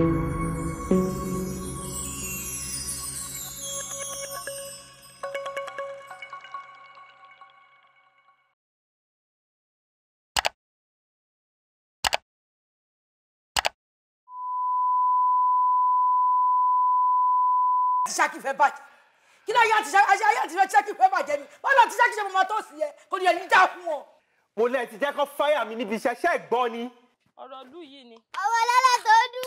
ṣáàkì fẹ́ bàjẹ́ kí náà ayé àti ṣáàkì fẹ́ bàjẹ́ ni wọ́n lọ ti ṣáàkì ṣe mọ̀mọ́ tó sì yẹ kò ní ẹni dá fún wọn. mo lẹ ti jẹ́ kó fáyà mi níbi iṣẹ́ ṣẹ́ gbọ́ ni. ọ̀rọ̀ ọdún yìí ni. ọwọ́ lọ́la tó dùn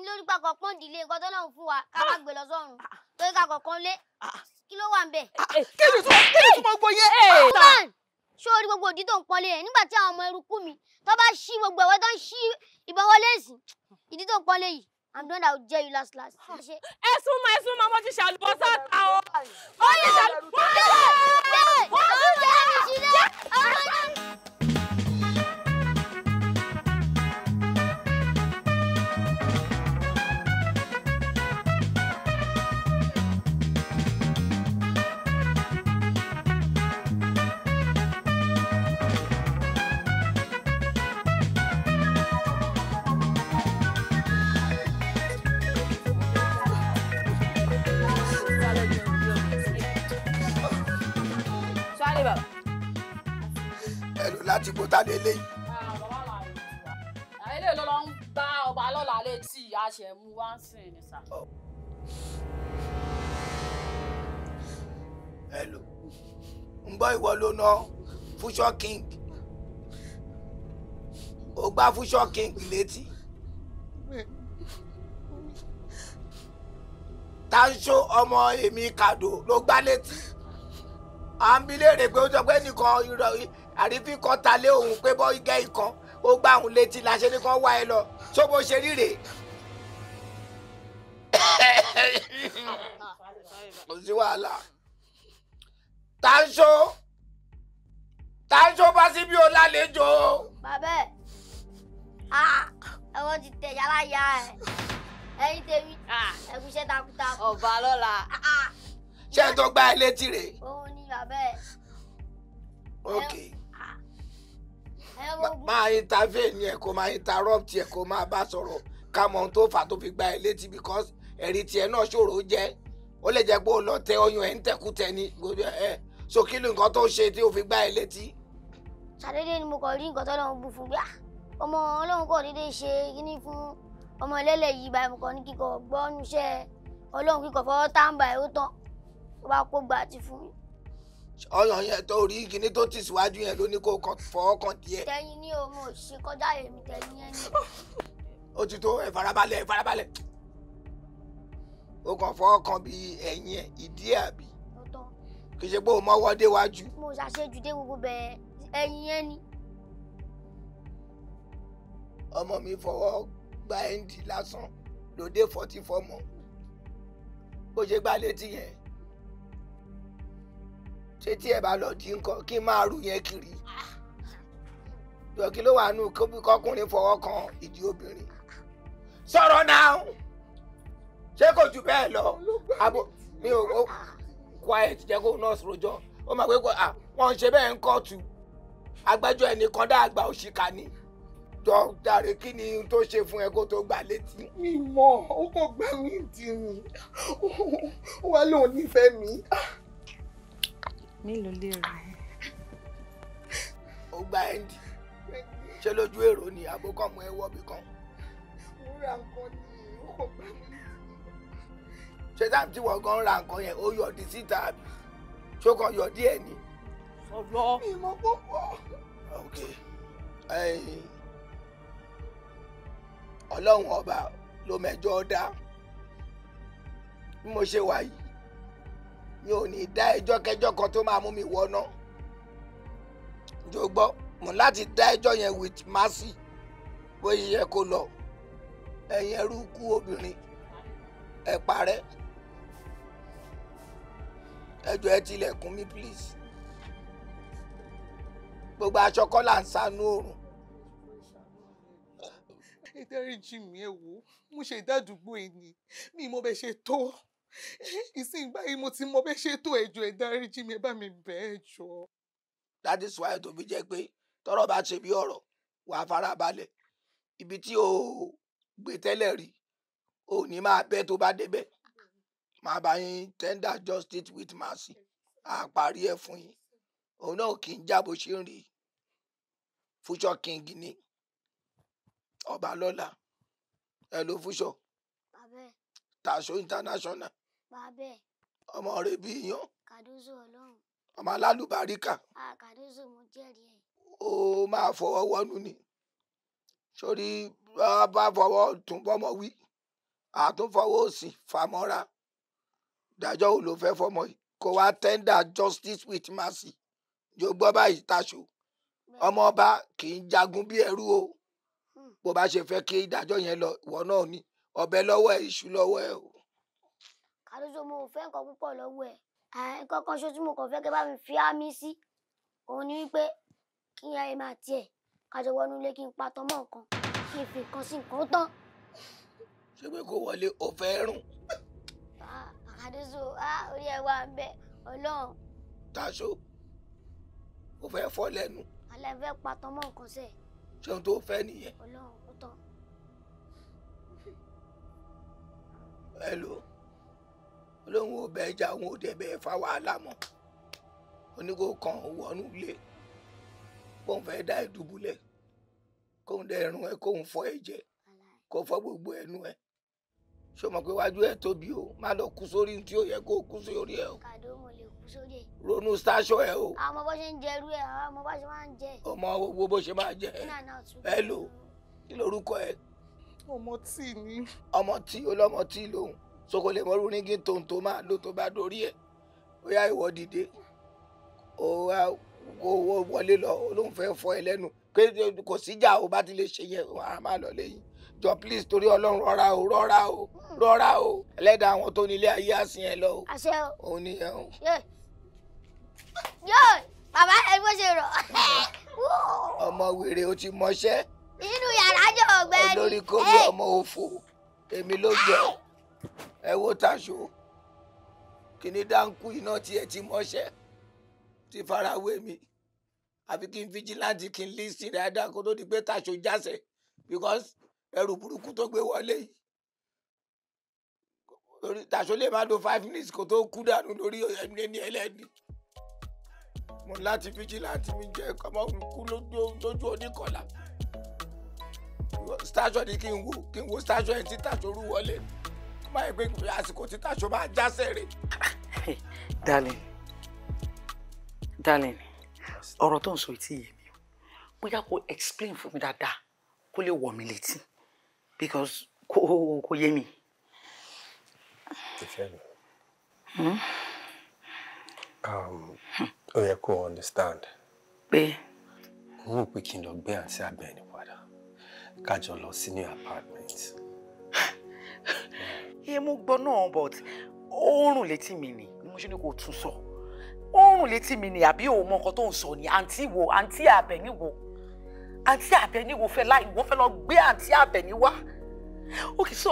ń lórí papọ̀ pọ́n ìdílé gbọ́dọ̀ lọ́hùn fún wa ká má ah. gbé lọ sọ́run ah. torí ká kọ̀ọ̀kan lé ah. kí ló wà ń bẹ̀. kí ni tó kí ni tó mọ gbóyè. man ṣé orí gbogbo òdí tó ń pọ́nlé rẹ̀ nígbà tí àwọn ọmọ eruku mi tó bá ṣí gbogbo ẹ̀wẹ́ tó ń ṣí ìbọn wọlé èsì ìdí tó ń pọ́nlé yìí I'm done I will jail you last last. ẹ súnmọ́ ẹ súnmọ́ mo ti ti ṣe é ṣe é ṣe é ọmọ jáde léyìí. Ah, àwọn ilé lọ́lọ́ ń bá ọba lọ́la létí àṣẹmú wá ń sìn ní sà. hello ń gbọ́ ìwọ ló ná fusion king ó gbá fusion king létí. tanso ọmọ èmi kàdó ló gbá létí à ń bi léèrè pé ó sọ pé nìkan àrífín kan ta lé òun pé bọ́ igẹ́ ikán ó gbá òun létí la ṣe ní kán wá ẹ lọ tó bó ṣe rí rèé. kò sí wàhálà tanṣo tanṣo bá sí bí o lálejò. bàbá ẹ ẹ̀wọ̀n ti tẹ̀ yàrá ya ẹ̀ ẹ̀yin tèmi ẹ̀gúnṣẹ́ takuntakun. ọba lọ́la. ṣé ẹ tó gba ẹ létí rèé. òun ni bàbá ẹ. okay máa intervene yẹn kó máa interrupt yẹn kó máa bá sọ̀rọ̀ ká mọ ohun tó fà tó fi gba ẹ létí because ẹ̀rí tiẹ̀ náà ṣòro jẹ́ ó lè jẹ́ pé ó lọ tẹ ọyàn ẹ̀ ń tẹ̀kútẹ̀ ni ẹ̀ so kí ló nǹkan tó ṣe tí ó fi gba ẹ létí. ṣàdédé ni mo kàn rí nǹkan tó lọ́wọ́ bú fún gbà ah! ọmọ ọlọ́run kò dédé ṣe kíní fún ọmọ ẹlẹ́lẹ̀ yìí báyìí mo kàn ní kíkọ gbọ́núṣẹ́ ọlọ́run kíkọ fọwọ́ táǹbà ẹ̀ ó tán ó bá kó gbà á ti fún mi ọyàn yẹn tó rí kíní tó tì síwájú yẹn ló ní kó fọwọ́ kan tiẹ̀. tẹyin ní o mo ṣe kọjá èmi tẹyin yẹn ni. ó ti tó ẹ farabalẹ̀ ẹ farabalẹ̀ ó kàn fọwọ́ kan bí ẹ̀yìn ẹ̀ ìdí ẹ̀ àbí kì í ṣe pé o mọ́wọ́ déwájú. mo ṣàṣejù dé gbogbo bẹ́ẹ̀ ẹ̀yìn yẹn ni. ọmọ mi fọwọ́ gba ẹ́ńdì lásán lòdè fọ́tí fọ́mọ bó ṣe gbá létí yẹn ṣé tí ẹ bá lọ jí nǹkan kí n máa rù yẹn kiri dọ̀kí ló wà nù kọkùnrin fọwọ́ kan ìdí obìnrin sọ̀rọ̀ náà ṣé kò jù bẹ́ẹ̀ lọ abo mi ò quiet jẹ́ kó nọ́ọ̀sì rojọ́ ó máa pé kó à wọ́n ń ṣe bẹ́ẹ̀ ń kóòtù agbẹ́jọ́ ẹnìkan dá àgbà òṣìkà ni jọ dàrí kí ni tó ṣe fún ẹ kó tó gbà létí. mi mọ ó kàn gbà mí dì mí wà lóun nífẹ̀ẹ́ mi mélòó lè rò. ó gba ẹndì ṣé lójú èrò ni àbókọ́mọ ẹ wọ́bi kan. mo ra nǹkan ní ìhòòhò bá mi. ṣé táàbù tí wọ́n gan ra nǹkan yẹn ó yọ̀dí síta àbí ṣó kan yọ̀dí ẹ̀ ni. sọ̀rọ̀ mi mọ̀ púpọ̀. ok ọlọ́run ọba ló mẹjọ́ dá bí mo ṣe wà mi ò ní dá ẹjọ́ kẹjọ́ kan tó máa mú mi wọná jọ̀gbọ́ mo láti dá ẹjọ́ yẹn with mercy bó ṣe yẹ kó lọ ẹ̀yin ẹrú kú obìnrin ẹ parẹ́ ẹjọ́ ẹ tilẹ̀kùn mi please gbogbo aṣọ kọ́ là ń sanú oòrùn. ìdáríjì mi ẹ wo mo ṣe ìdádúgbò yìí ni mi ì mọ bẹ ṣe tó. ìsìn báyìí mo ti mọ bẹ́ẹ̀ ṣe ẹjọ́ ẹ mi bá mi bẹ́ẹ̀ jọ. that is why tó fi jẹ́ pé tọ́rọ̀ bá ṣe bí ọ̀rọ̀ wàá farabalẹ̀ ibi tí o gbé tẹ́lẹ̀ rí o ní máa bẹ tó bá débẹ̀ máa bá yín tender justice with mercy àparí ẹ̀ fún yín òun náà kì í já bó ṣe ń rí fúṣọ king ni ọba lọ́la ẹ ló fúṣọ tàṣó international Bàbẹ̀. Ọmọ rẹ bí iyán. Kàdúzò Ọlọ́run. Ọmọ alálùbáríkà. À kàdúzò mo jẹ́rìí ẹ̀. Ó máa fọwọ́ wọnú ni. Sori bá fọwọ́ tún bọ́mọ wí. Àtúnfọwọ́ òsì fàmọ́ra. Ìdájọ́ wo ló fẹ́ fọmọ yìí? Kò wá tender justice with mercy. Yóò gbọ́ báyìí taṣo. Ọmọ ọba kì í jagun bí ẹrú o. Hmm. Bó bá ṣe fẹ́ kí ìdájọ́ yẹn lọ, ìwọ náà ni. Ọ̀bẹ lọ́wọ́ ẹ̀, iṣu lọ́wọ́ ẹ̀ o àtúnṣe mo ò fẹ́ nǹkan púpọ̀ lọ́wọ́ ẹ̀ nǹkan kan ṣo tí mo kàn fẹ́ kẹ́ bá mi fi ámì sí òun ni wípé kí n ayé máa tiẹ̀ kájọ wọnú ilé kí n pa tọmọ nǹkan kí n fi nǹkan sí nǹkan tán. ṣé pé kò wọlé o fẹ́ rùn. àkàdéso orí ẹ wá ń bẹ Ọlọ́run. taṣo o fẹ́ fọ́ lẹ́nu. alẹ́ fẹ́ pa tọmọ nǹkan sẹ́ẹ̀. ṣé ohun tó fẹ́ nìyẹn. Ọlọ́run ó tán. hello olóhùn ò bẹ ẹja òun ò dẹ bẹ fa wàhálà mọ́ oníkó kan òun ọ̀nù lé kóun fẹ́ dá ìdùbúlẹ̀ kóun dẹ ẹrun ẹ kóun fọ ẹ jẹ kó fọ gbogbo ẹnu ẹ ṣé o mọ̀ pé wájú ẹ tóbi o má lọ kú sórí tí ó yẹ kó o kú sórí ẹ o. kàdó mo lè kú sórí ẹ. ronú sáṣọ ẹ o. àwọn ọmọ bó ṣe ń jẹ irú ẹ àwọn ọmọ bó ṣe máa ń jẹ. ọmọ owó bó ṣe máa jẹ. ẹ lò kí lorúkọ ẹ. ọmọ tí ni. ọmọ tí olọmọ tí lòun sokole mọ rúnigí tòǹtò máa lò tó bá dorí ẹ bóyá ìwọ dìde ó wọlé lọ olóhùn fẹ́ fọ ẹ lẹ́nu kò síjà o bá ti lè ṣe yẹn wàá máa lọ lẹ́yìn jọ please torí ọlọ́run rọra o rọra o rọra o ẹlẹ́dàá àwọn tó nílé ayé àsìn ẹ lọ o. àṣẹ o òun ni ẹ o. yóò bàbá ẹ bó ṣe rọ. ọmọ wèrè o ti mọṣẹ́. nínú yàrá jọ ọ̀gbẹ́ni. olórí kò bí ọmọ òfò èmi ló jẹ ẹ wo taṣo kìnní dáńkù iná tiẹ̀ ti mọ́ṣẹ́ ti farawé mi àfi kí n fíjìláǹtì kí n lísì rẹ̀ adáko tó di pé taṣo jáṣẹ̀ because ẹrù burúkú tó gbé wọlé yìí lórí taṣo lè má lo five minutes kó tó kú dànù lórí ẹni ẹlẹ́ni mo láti fíjìláǹtì mi jẹ́ kọ́mọ́ kú lójú oníkọ̀lá station ni kí n wo kí n wo station ẹ̀ tí taṣo rú wọlé ni báyìí pé àsìkò tí tàṣọ máa jásẹ̀ rè. darling darling ọ̀rọ̀ tó ń sọ etí yìí mi o bóyá kó explain fún mi dáadáa kó lè wọ̀ mí létí because kò kò yé mi. ìfẹ́ mi hmm? um, ó yẹ kó understand. pé. mo rò pé kí n lọ gbé àǹtí Àbẹ̀ní padà ká jọ lọ sínú apartment. ẹ mú gbọ́ náà but oorun létí mi ni ni mo ṣe ní kò tún sọ oorun létí mi ni àbí òun mọ nǹkan tó ń sọ ni àǹtí wo àǹtí àbẹ̀ní wo àǹtí àbẹ̀ní wo fẹ́ láì wọ́n fẹ́ lọ gbé àǹtí àbẹ̀ní wá okay so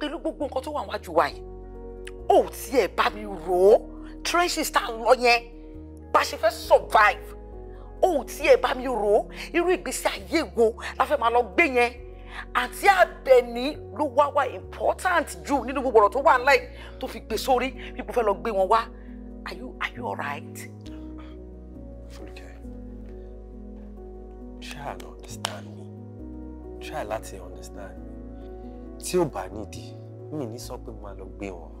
pẹ̀lú gbogbo nǹkan tó wà wájú wa yìí ó tiẹ̀ bá mi rò ó trenches tá a lọ yẹn bá ṣe fẹ́ survive ó tiẹ̀ bá mi rò ó irú ìgbésí ayé wo la fẹ́ máa lọ gbé yẹn àti àbẹ̀ní ló wá wá important jù nínú gbogbo ọ̀rọ̀ tó wà láì tó fi gbé sórí bí mo fẹ́ lọ gbé wọn wá are you are you alright. Fúnkẹ́ try to understand me try láti understand me tí ò bá nídìí mi ní sọ pé mo máa lọ gbé wọn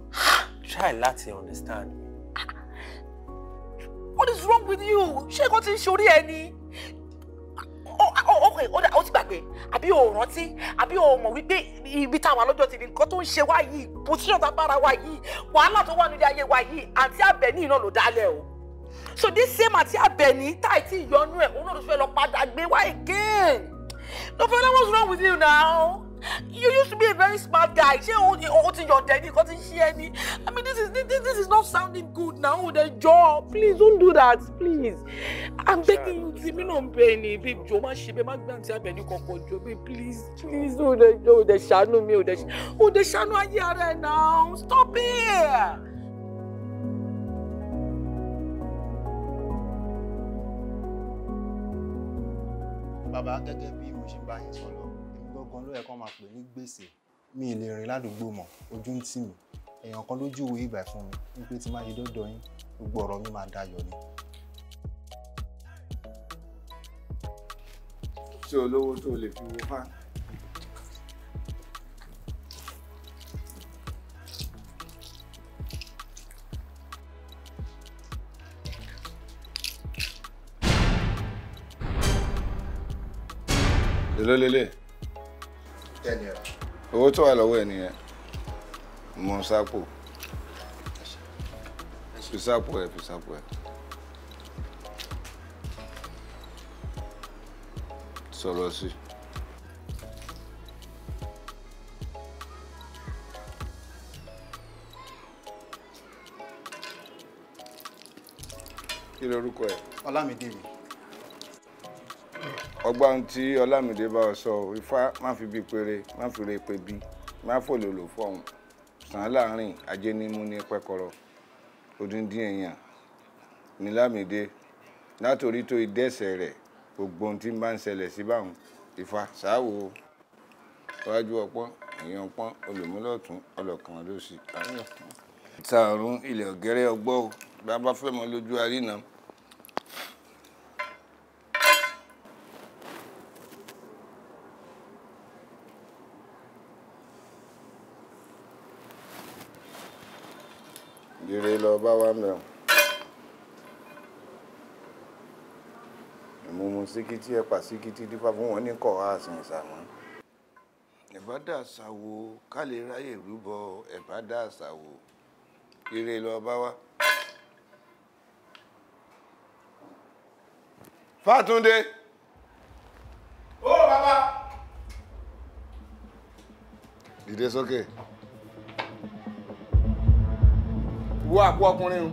try láti understand me. What is wrong with you? Ṣé nǹkan ti ń ṣorí ẹ ok ó dà ó ti gbàgbé àbí o rántí àbí o mọ̀ wípé ibi táwọn alọ́jọ́ ti di nǹkan tó ń ṣe wá yìí position tá a bára wa yìí wàhálà tó wà nílé ayé wa yìí àǹtí Àbẹ̀ní iná ló dálẹ̀ o so this same àǹtí Àbẹ̀ní táì tí ìyọnu ẹ̀ òun náà ló fẹ́ lọ padà gbé wá again no problem what's wrong with you now. You used to be a very smart guy. Ṣé o o ti yọ̀dẹ̀ ní nǹkan ti ṣe ẹ ní? I mean this is this, this is not sounding good now with a job. Please don't do that please. I'm begging you ti mi náà ń bẹ ẹ ní babe jọ má ṣe bẹ́ẹ̀ má gbé àǹtí please please o the o the shadow, me with the o de ṣàánú ayé now stop it. Bàbá gẹ́gẹ́ bí mo ṣe bá yín sọ̀rọ̀ kan ló yẹ kó máa pè ní gbèsè mi ì lè rìn ládùúgbò mọ́ ojú ń tì mí èèyàn kan lójú ìwé ìbà fún mi wípé tí má ṣe dọ́dọ̀ yín gbogbo ọ̀rọ̀ mi máa dayọ̀ ni. ṣé olówó tó lè fi wo fáàn. Lele, lele owó tó wà lọ́wọ́ ẹ nìyẹn mọ sápò fi sápò ẹ fi sápò ẹ sọ̀rọ̀ sí. kí lorúkọ ẹ. ọlámídé ọgbọ́n tí ọlámìdé bá ọ sọ ifá má fi bí péré má fi re pé bí má fòlò lò fọhùn sàn án láàrin ajé ní mú ní pẹ́kọ̀rọ̀ odindi èèyàn ní lámìdé látòrí tó ìdẹ́sẹ̀ rẹ̀ gbogbo ohun tí ń bá ń ṣẹlẹ̀ sí báwọn ifá ṣáàwó wájú ọpọ́n èèyàn ọpọ́n olùmúlọ̀tún ọlọ́kan ló sì. sàrùn ilẹ̀ ọ̀gẹ́rẹ́ ọgbọ́ bá bá fẹ́ mọ lójú àrínà. ire lọ bá wa mẹ́rin ìmúmu síkítí ẹ̀pà síkítí dípá fún wọn ní kọ̀ àsìn ìsàmọ́ ìbádà àṣàwò ká lè ráyè rúbọ ìbádà àṣàwò ire lọ bá wa. Fátúndé. Ó bàbá. Dìde sókè. Okay. wo àpò ọkùnrin o.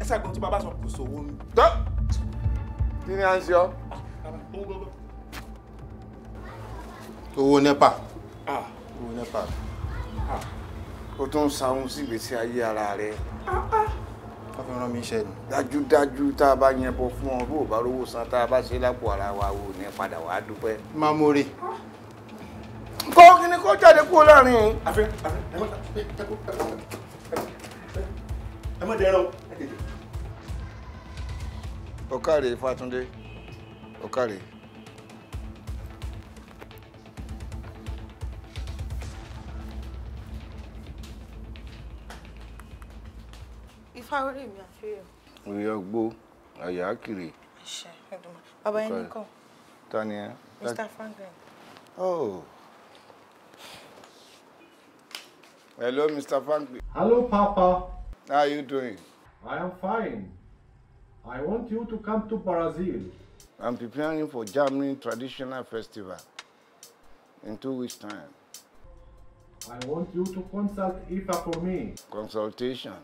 ẹ ṣàgbọ́n tí bàbá sọ kò sówó ni. tọ́ kí ni à ń ṣe ọ́. owó nepa owó nepa o tún ń sanwó sí ìgbésí ayé ara rẹ tó fi rán mi iṣẹ́ ni. dájúdájú tá a bá yẹn bọ fún ọ bó o bá rówó san tá a bá ṣe lápò ara wa ò ní padà wàá dúpẹ́. máa mo rè. kọ́ kí ni kó jáde kúrò láàrin yìí. àfẹ àfẹ ẹ mọ̀ dẹ́rọ. ọ̀kàrẹ̀ Fátúndé ọ̀kàrẹ̀. fáwọ́rì mi àfihàn. orí ọgbó àyà kiri. ṣe ẹdùnmọ bàbá yẹn nìkan. ta ni ẹ. Mr. Franklin. oh. hello Mr. Franklin. hello Papa. how are you doing. I am fine. I want you to come to Brazil. I'm preparing for Germany Traditional Festival in two weeks' time. I want you to consult IFA for me. Consultation?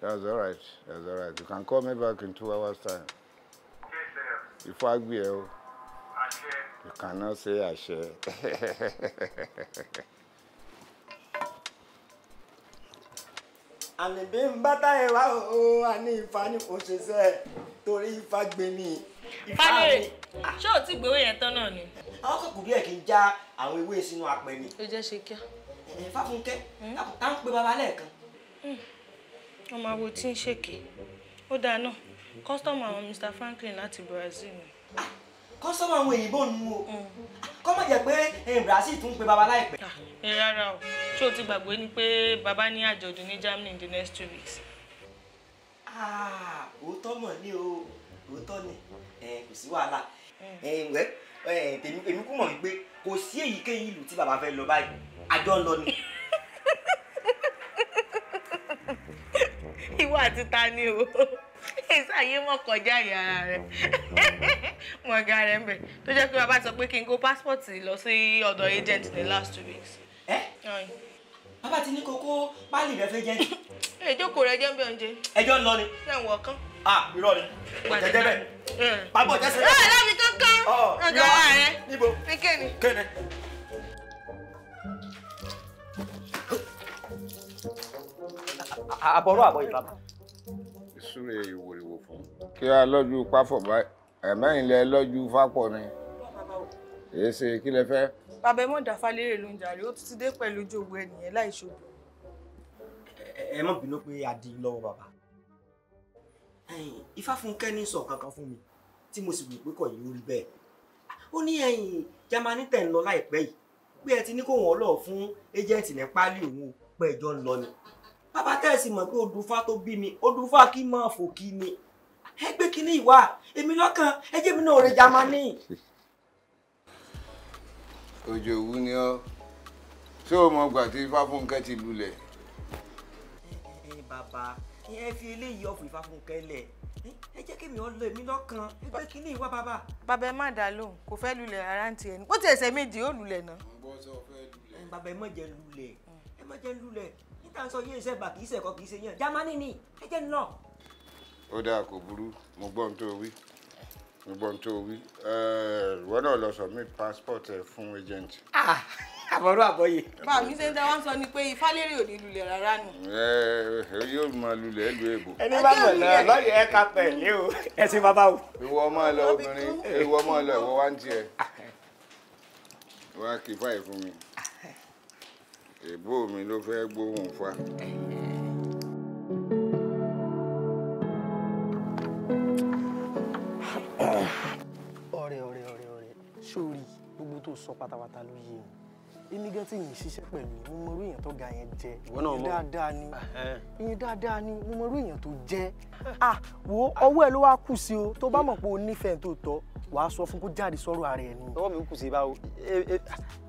That's all right. That's all right. You can call me back in two hours' time. Okay, sir. If I will, you cannot say I share. àní bí n bá táyé wá o ani Ifá ni kò ṣe sẹ torí Ifá gbé mi. Fálérè ṣé o ti gbowó yẹn tán náà ni. àwọn kòkò bí ẹ kì í já àwọn ewé sínú apẹ ni. ó jẹ́ ṣe kíá. Fáfúnkẹ́ hmm. tá à ń baba lẹ́ẹ̀kan. Hmm ọmọ awo tí ń ṣèké ó dáa náà kọ́sítọ́mù àwọn Mr Franklin láti Brazil ni. kọ́sítọ́mù ah, àwọn òyìnbó ń mú o mm. kọ́ mọ̀ jẹ́ pé eh, Brazil tún ń pe baba láìpẹ́. Ah, ẹ rárá o ṣé o ti gbàgbé ni pé baba ní àjọ̀dún ní Germany in the next two weeks. Ah, òótọ́ mọ̀ ní o òótọ́ ni eh, kò sí wàhálà mm. eh, tèmi kú mọ̀ wípé kò sí èyíkéyìí ìlú tí baba fẹ́ lọ báyìí àjọ ń lọ ni. ìwọ àti ta ni o ìsàyé mọ̀ kọjá ìyá ara rẹ̀ mọ̀ ọ̀gá rẹ̀ ń bẹ̀ tó jẹ́ pé bàbá sọ pé kí n kó pásítọ̀tì lọ sí ọ̀dọ̀ agent ní last two weeks. ẹ bàbá ti ní kókó páálí rẹ fẹ́ jẹ́. ìjókòó rẹ jẹ́ ń bẹ oúnjẹ. ẹjọ́ ń lọ ni. ṣé ń wọ kán. ah irọ́ ni jẹjẹ bẹ́ẹ̀. pàbọ̀ jẹ́sẹ̀. ẹ ẹ láti kankan. ọ̀ irọ́ níbo kéne. kéne. àbọ̀rọ̀ àbọ̀ yìí bàbá. ìsúre ìwòrìwò fún. kí a lọ́jú páfọ̀ báyìí ẹ̀mẹ́yìn lẹ lọ́jú fápọ̀ ni èyí ṣe kí lẹ fẹ́. bàbá ẹ mọ̀ dàfà lérè ló ń jàre ó ti dé pẹ̀lú ojú ògbó ẹnìyẹn láì ṣòbò. ẹ má bínú pé a di lọ́wọ́ bàbá Ifáfúnkẹ́ ní sọ kankan fún mi tí mo sì wí pé kò yí ó rí bẹ́ẹ̀ ó ní ẹ̀yin Jámánì tẹ̀ ń lọ láìpẹ́ yìí pé ẹ ti ní kó wọn lọ fún ẹjẹǹtì ní páálí òun pé ẹjọ́ ń lọ ni bàbá tẹ̀sí mọ̀ pé odùfá tó bí mi odùfá kí mọ̀ fò kí ni ẹ gbé kínní ìwà èmi lọ́kàn ẹ jẹ́ mi náà rẹ̀ jamani. òjò òwú ni ọ ṣé o mọ gbà tí Fáfúnkẹ́ ti lulẹ̀. ẹ ẹ bàbá ẹ fi eléyìí ọ̀fìn Fáfúnkẹ́ lẹ̀ ẹ jẹ́ kí mi ọ lọ èmi lọ́kàn pé kí ni ìwà bàbá. bàbá ẹ má dá lóhùn kò fẹ́ lulẹ̀ rárá ń tiẹ̀ ní bó ti ẹsẹ̀ méjì ó lulẹ̀ náà. bàbá ẹ má jẹ́ lulẹ̀ ẹ má jẹ́ lulẹ̀ tá ń sọ ilé iṣẹ́ bà kì í ṣẹ̀kọ́ kì í ṣe yàn jámánì ni ẹ jẹ́ ń lọ. ó dáa kò burú mo gbọ́ ohun tó wí mo gbọ́ ohun tó wí ìwọ náà lọ submit passport ẹ fún agent. Ah, àbọ̀rú àbọ̀yè. bá mi ṣe ń dá wọn sọ ni pé ìfálérè ò ní lulẹ̀ rárá nù. ẹ yóò máa lulẹ̀ lu èbò. ẹni bá mọ̀ náà lọ́ọ̀yì ẹ ká pẹ̀lẹ́ o ẹ sì bàbá o. ìwọ máa lọ obìnrin ìwọ máa lọ ìwọ wá ń tiẹ̀ wá kí fáì fún mi èbó mi ló fẹ́ gbóhùn fa. ọ̀rẹ́ ọ̀rẹ́ ọ̀rẹ́ ọ̀rẹ́ sórí gbogbo tó sọ pátápátá ló yé mi èmi gan tí yìí ṣiṣẹ́ pẹ̀lú mo mọ irú èèyàn tó ga yẹn jẹ ìyẹn dáadáa ni ìyẹn dáadáa ni mo mọ irú èèyàn tó jẹ ah wo ọwọ́ ẹ ló wá kù sí o tó bá mọ̀ pé o nífẹ̀ẹ́ tó tọ́ wàá sọ fún kó jáde sọ̀rọ̀ ara ẹ̀ ni. ọwọ́ mi kù sí báwo e, e,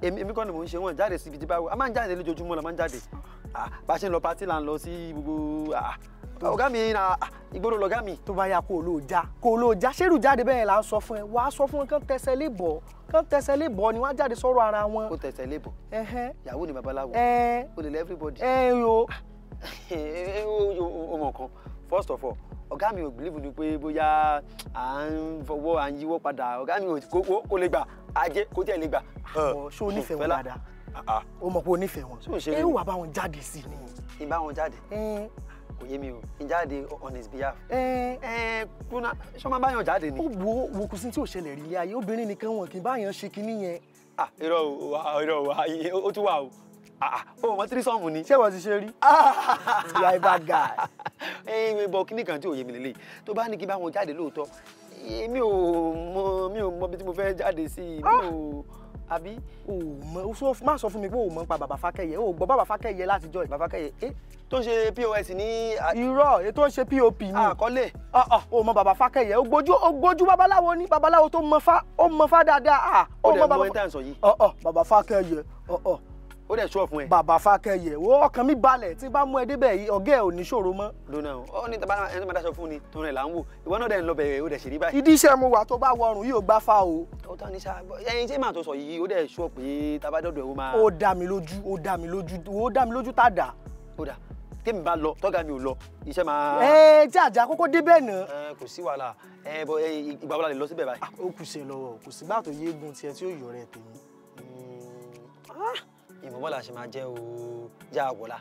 èmi kọ́ ni mò ń ṣe wọ́n jáde síbi tí báwo a máa ń jáde lójoojúmọ́ la máa ń jáde ah, bá a ṣe ń lọ patí là ń lọ sí gbogbo ah, ọ̀gá mi na ah, ìgboro lọ̀gá mi. tó bá yà kó ló já kó ló já ṣerú jáde bẹ́ẹ̀ là ń sọ fún ẹ wàá sọ fún ẹ kán tẹsẹ̀ lè bọ̀ kán tẹsẹ̀ lè bọ̀ ni wọ́n jáde sọ̀rọ̀ ara wọn. kó tẹsẹ̀ lè bọ̀ yàwó ni babaláwo o lè lẹ́ everybody. ẹ ẹ eh, o. o mọ̀ kan first of all ọ̀gá mi ò believe ni pé bóyá à ń fọwọ́ à ń yíwọ́ padà ọ̀gá mi kò lè gbà ajé kò tiẹ̀ lè gbà. ṣé o nífẹ̀ẹ́ wọn dáadáa ah, ah. o mọ̀ pé o nífẹ̀ẹ́ wọn. ṣé o ṣe é wà bá wọn jáde sí ni. ìbá wọn jáde kò yé mi o n jáde on his behalf. ẹ ẹ kúnà ṣé máa báyọ̀ jáde ni. ó wo wòkùsí tí ò ṣẹlẹ̀ rí ilé ayé obìnrin nìkan wọn kì í báyọ̀ ṣe kinní yẹn. ah irọ́ o irọ́ o ó tún wà o o mọ tírísọ́ọ̀mù ni. ṣé wọ́n ti ṣe rí. yà ibà gà. ẹ ẹ bọ kíní kan tí ò yé mi lélẹ̀ tó bá ní kí n bá wọn jáde lóòótọ́ èmi ò mọ mi ò mọ bí tí mo fẹ́ jáde sí i mi ò. Ah! àbí. o mọ o má sọ fún mi pé o mọ pa bàbá fákẹ́yẹ o gbọ́ bàbá fákẹ́yẹ látijọ́ yìí. bàbá fákẹ́yẹ e tó ń ṣe pos ní. irọ́ e tó ń ṣe pop ni. àkọlé. Ah, ah, o mọ bàbá fákẹ́yẹ o gbójú o gbójú babaláwo ní babaláwo tó mọ fá ó mọ fá dáadáa. Ah, ó dẹ̀ mọ ẹni tá à ń sọ yìí. bàbá fákẹ́yẹ ó dẹ̀ sọ fún ẹ. bàbá Fákẹ́yẹ wo ọkàn mi balẹ̀ tí bá mú ẹ débẹ̀ yìí ọ̀gá ẹ̀ ò ní ṣòro mọ́. lónà ó ní tàbá ẹni tó máa dáṣọ fún ni tó rìn là ń wò ìwọ náà dẹ̀ ń lọ bẹ̀rẹ̀ ó dẹ̀ ṣe rí báyìí. ìdí iṣẹ́ mo wà tó bá wọrùn yìí ò gbá fa o. ó tán ní sá ẹyin tí màá tó sọ yìí ó dẹ̀ sọ pé tàbá dọ̀dọ̀ ó máa. ó dá mi lójú ó dá mi lójú ó dá mi lójú tá a ó dà tèmi bá lọ tọ́gà mi ò lọ iṣẹ́ máa. ẹ jẹ́ àjà kókó débẹ̀ náà. kò sí wàhálà ẹ bọ ìgbà wo la lè lọ síbẹ̀ báyìí. Ah, ó kù sí ẹ lọ́wọ́ kò sígbà tó yéégún tiẹ̀ tí ó yọ̀rẹ́ tèmi. Hmm. Ah! ìbùbọ́ la ṣe máa jẹ́ o já àwòlá.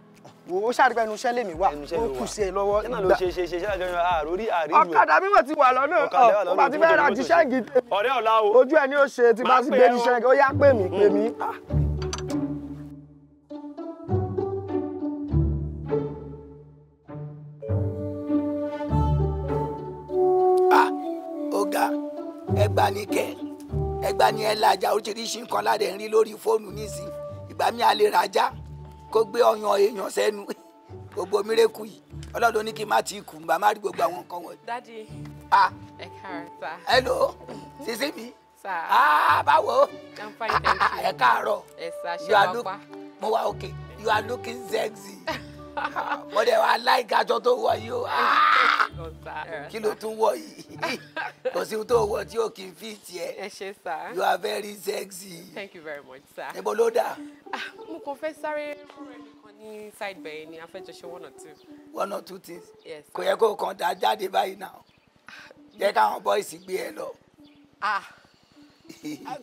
wo sáré ẹnu iṣẹ́ lèmi wà ó kù sí ẹ lọ́wọ́. ṣé náà ló ṣe ṣe ṣe ṣáájú ẹni àròrí àríwú. ọ̀kadà mímọ̀ ti wà lọ́nà ọ̀ bá ti fẹ́ ra ti ṣẹ́ǹgì. ọ̀rẹ́ ọ̀la o. ojú ẹ ni ó ṣe ti bá sì gbé ní ṣẹ́ǹgì ó yá pè mí pè mm. mí. Ah. Ah, ọ̀gá ẹgbàá ni kẹ ẹgbàá ni ẹ lajà oríṣiríṣi nǹkan ládẹ̀ ń rí lórí fóònù nísìnyí ìgbà mi a lè rajá kó gbé ọyàn èèyàn sẹ́nu gbogbo mireku yìí ọlọ́dún ní kí n má ti kù bá má rí gbogbo àwọn nǹkan wọn. dadi ah ẹ káàárọ̀ sá. hello sisi mi. sá ah báwo. you. Ah, ẹ káàárọ̀. ẹ sá ṣe pa. mo wá okay you are looking sexy. Ah, mo dẹ̀ wá like aṣọ tó wọ̀ yìí o. Ah! kí ló tún wọ̀ yìí kò sí tó wọ̀ tí o kì í fi tiẹ̀. ẹ ṣe sá. you are very sexy. thank you very much sá. níbo ló dà. Ah, mo kàn fẹ́ sáré rúrẹ́ nìkan ní side bẹ̀yẹ ni a fẹ́ jọ ṣe one or two. one or two things. yes. kò yẹ kó kàn dá jáde báyìí náà ah. jẹ́ káwọn bọ́ìsì gbé ẹ lọ. Ah.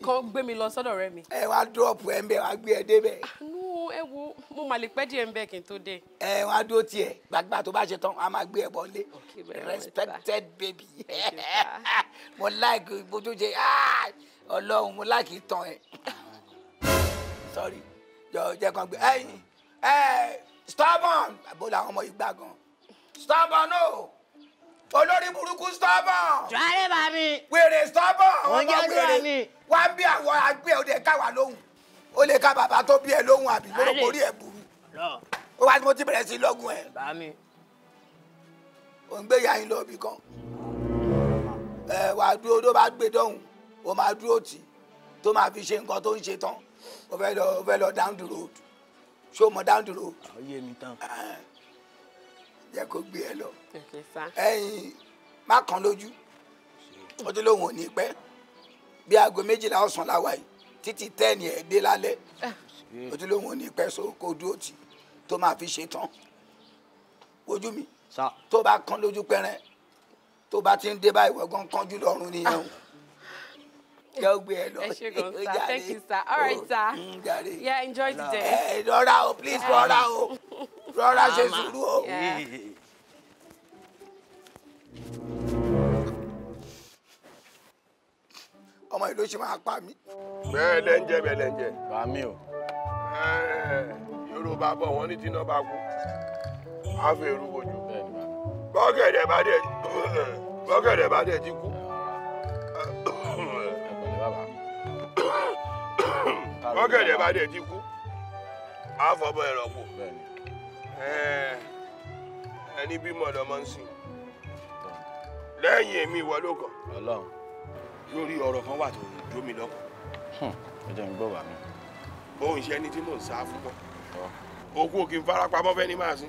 kàn gbé mi lọ sọ́dọ̀ rẹ mi. ẹ wá dúrọ̀pù ẹ ń bẹ wá gbé ẹ débẹ̀. nú ẹ wo mo mà lè pẹ́ díẹ̀ ń bẹ kí n tó dé. ẹ wá dúró tiẹ̀ gbàgbà tó bá ṣe tán a máa gbé ẹ bọ́lé respected baby mo like bójú ṣe ọlọ́run mo like ìtàn ẹ sorry jẹ́ kan gbé ẹ̀yìn ẹ̀ stubborn àbò làwọn ọmọ yìí gbà gan stubborn o olórí burúkú stubborn. jọ́lẹ̀ bá mi. wèrè stubborn ọmọ wèrè wá bí àwọn àgbẹ̀ òde káwa lóhùn ó lè ká bàbá tó bí ẹ lóhùn àbí lórúkọ orí ẹ burú ó wá ní mo ti bẹ̀rẹ̀ sí lọ́gùn ẹ̀. bá mi ò ń gbé ya yín lóbi kan ẹ wàá dúró tó bá gbé dọ́hùn ó máa dúró tì tó máa fi ṣe nǹkan tó ń ṣe tán o fẹ́ lọ o fẹ́ lọ down the road ṣó mọ down the road. ọyẹ mi tán. Ah, jẹ́ kó gbé ẹ lọ. ẹyin má kàn lójú ó ti lóun ò ní pẹ́ bí aago méjìlá ọ̀sán la wà yìí títí tẹ́ẹ̀nì ẹ̀ dé lálẹ́ ah. ó ti lóun ò ní pẹ́ so kó dúró tì tó máa fi ṣe tán ojú mi tó bá kàn lójú pẹ́rẹ́ tó bá ti ń dé báyìí wọ́n gan kánjú lọ́rùn nìyẹn o. thank you sir all right oh, sir mm, yeah enjoy the day. ẹ rọra please rọra o um, rọra ṣe sùúrù o. ọmọ ìlú ṣe máa pa mí. bẹ́ẹ̀ lẹ́ńjẹ́ bẹ́ẹ̀ lẹ́ńjẹ́. bá mi o. yorùbá bọ̀ wọ́n ní tíná bá kú bàbá. wọ́n kẹ̀lé bá dé ti kú àfọ̀bọ̀ ẹ̀rọ kù ẹni bímọ lọmọ ń sìn lẹ́yìn èmi ìwọ ló kàn. ọlọ́run lórí ọ̀rọ̀ kan wà tó ń jó mi lọ́kàn. ẹ jẹ́ ń gbọ́ wà mí. òun ṣe ẹni tí mò ń sá fún bọ́. òkú òkè ń fara fẹ́ ní màá sí.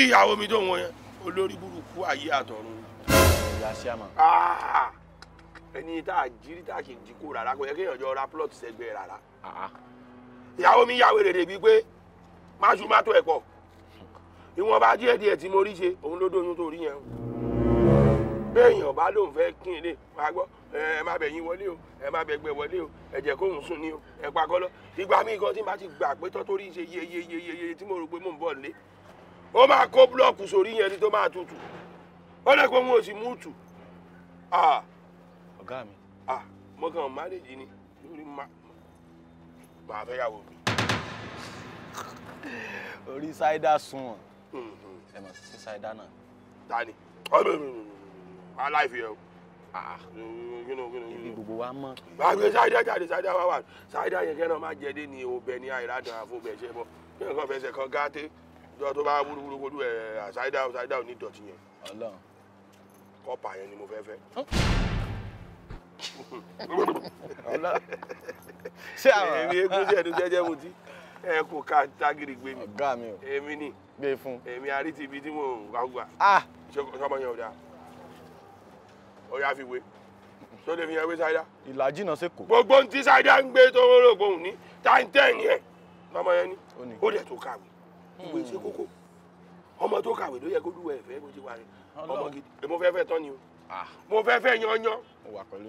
ìyàwó mi tó ń wọ yẹn olórí burúkú ayé àtọ̀run. ìyá sí àmà ẹni tá a jírí tá a kì í di kó rárá kò yẹ kéèyàn jọ ra plot sẹ́gbẹ̀ẹ́ rárá. ìyàwó mi yàwé rèé bíi pé máṣu má tó ẹ̀ pọ̀ ìwọ̀n bá díẹ̀ díẹ̀ tí mo rí ṣe òun ló dóyún tó rí yẹn. béèyàn bá lóun fẹ́ kí n lè máa gbọ́ ẹ má bẹ̀ yín wọlé o ẹ má bẹ̀ gbẹ wọlé o ẹ jẹ́ kóun sùn ní o ẹ pa kọ́lọ́ ìgbà míì kan tí n bá ti gbà pé tọ́ torí ṣe yeyeyeye tí mo rò pé mò ń bọ̀ lé ó máa kó búlọ̀kù sórí yẹn ni tó máa tutù ó lè pé òun ò sì mú tù ah ọ̀gá mi. ah mo kàn máréjì ni lórí màá fẹ́ yàwó mi. orí ṣáídà sunwọ̀n mm-hmm. ẹ mọ̀ sí ṣáídà náà. ta ni aláìfi ẹ o. ibi gbogbo wa mọ. àgbẹ̀ ṣáídà jáde ṣáídà wá wà ṣáídà yẹn kẹ́nà máa jẹ dé ni obẹ ní àìrádàn àfọ̀bẹ̀ṣẹ̀ bọ̀ kí nǹkan fẹsẹ̀ kan gáàtẹ́ jọ tó bá wúruwúru kojú ẹ̀ ṣáídà ṣáídà ò ní ìdọ̀tí yẹn. ọlọ́run kọ́pà yẹn ni mo fẹ́ fẹ́ ṣé àwọn èmi egúnṣẹ́ ẹ̀dùn jẹ́jẹ́ mu ti ẹ kò ká tágìrì gbé mi ọ̀gá mi o èmi ni gbé e fún èmi àrí ti ibi tí mo wà gbà ah! ṣọmọ yẹn ò dáa ọ̀yà fi wé tó lè fi hàn wé ṣáídá. ìlàjì náà ṣe kò. gbogbo ohun tí ń gbé tó ń rò pé ní táńtẹ́ẹ̀n yẹn lọ́mọ yẹn ní ó dẹ̀ tó kàwé hmm. ìwé ṣe kókó ọmọ tó kàwé ló yẹ kó dúwẹ̀ ẹ̀fẹ́ bó ti wà rẹ̀ ọmọ gidi èmo fẹ́ fẹ́ tán ni o. Ah. mo fẹ́ fẹ́ yanyan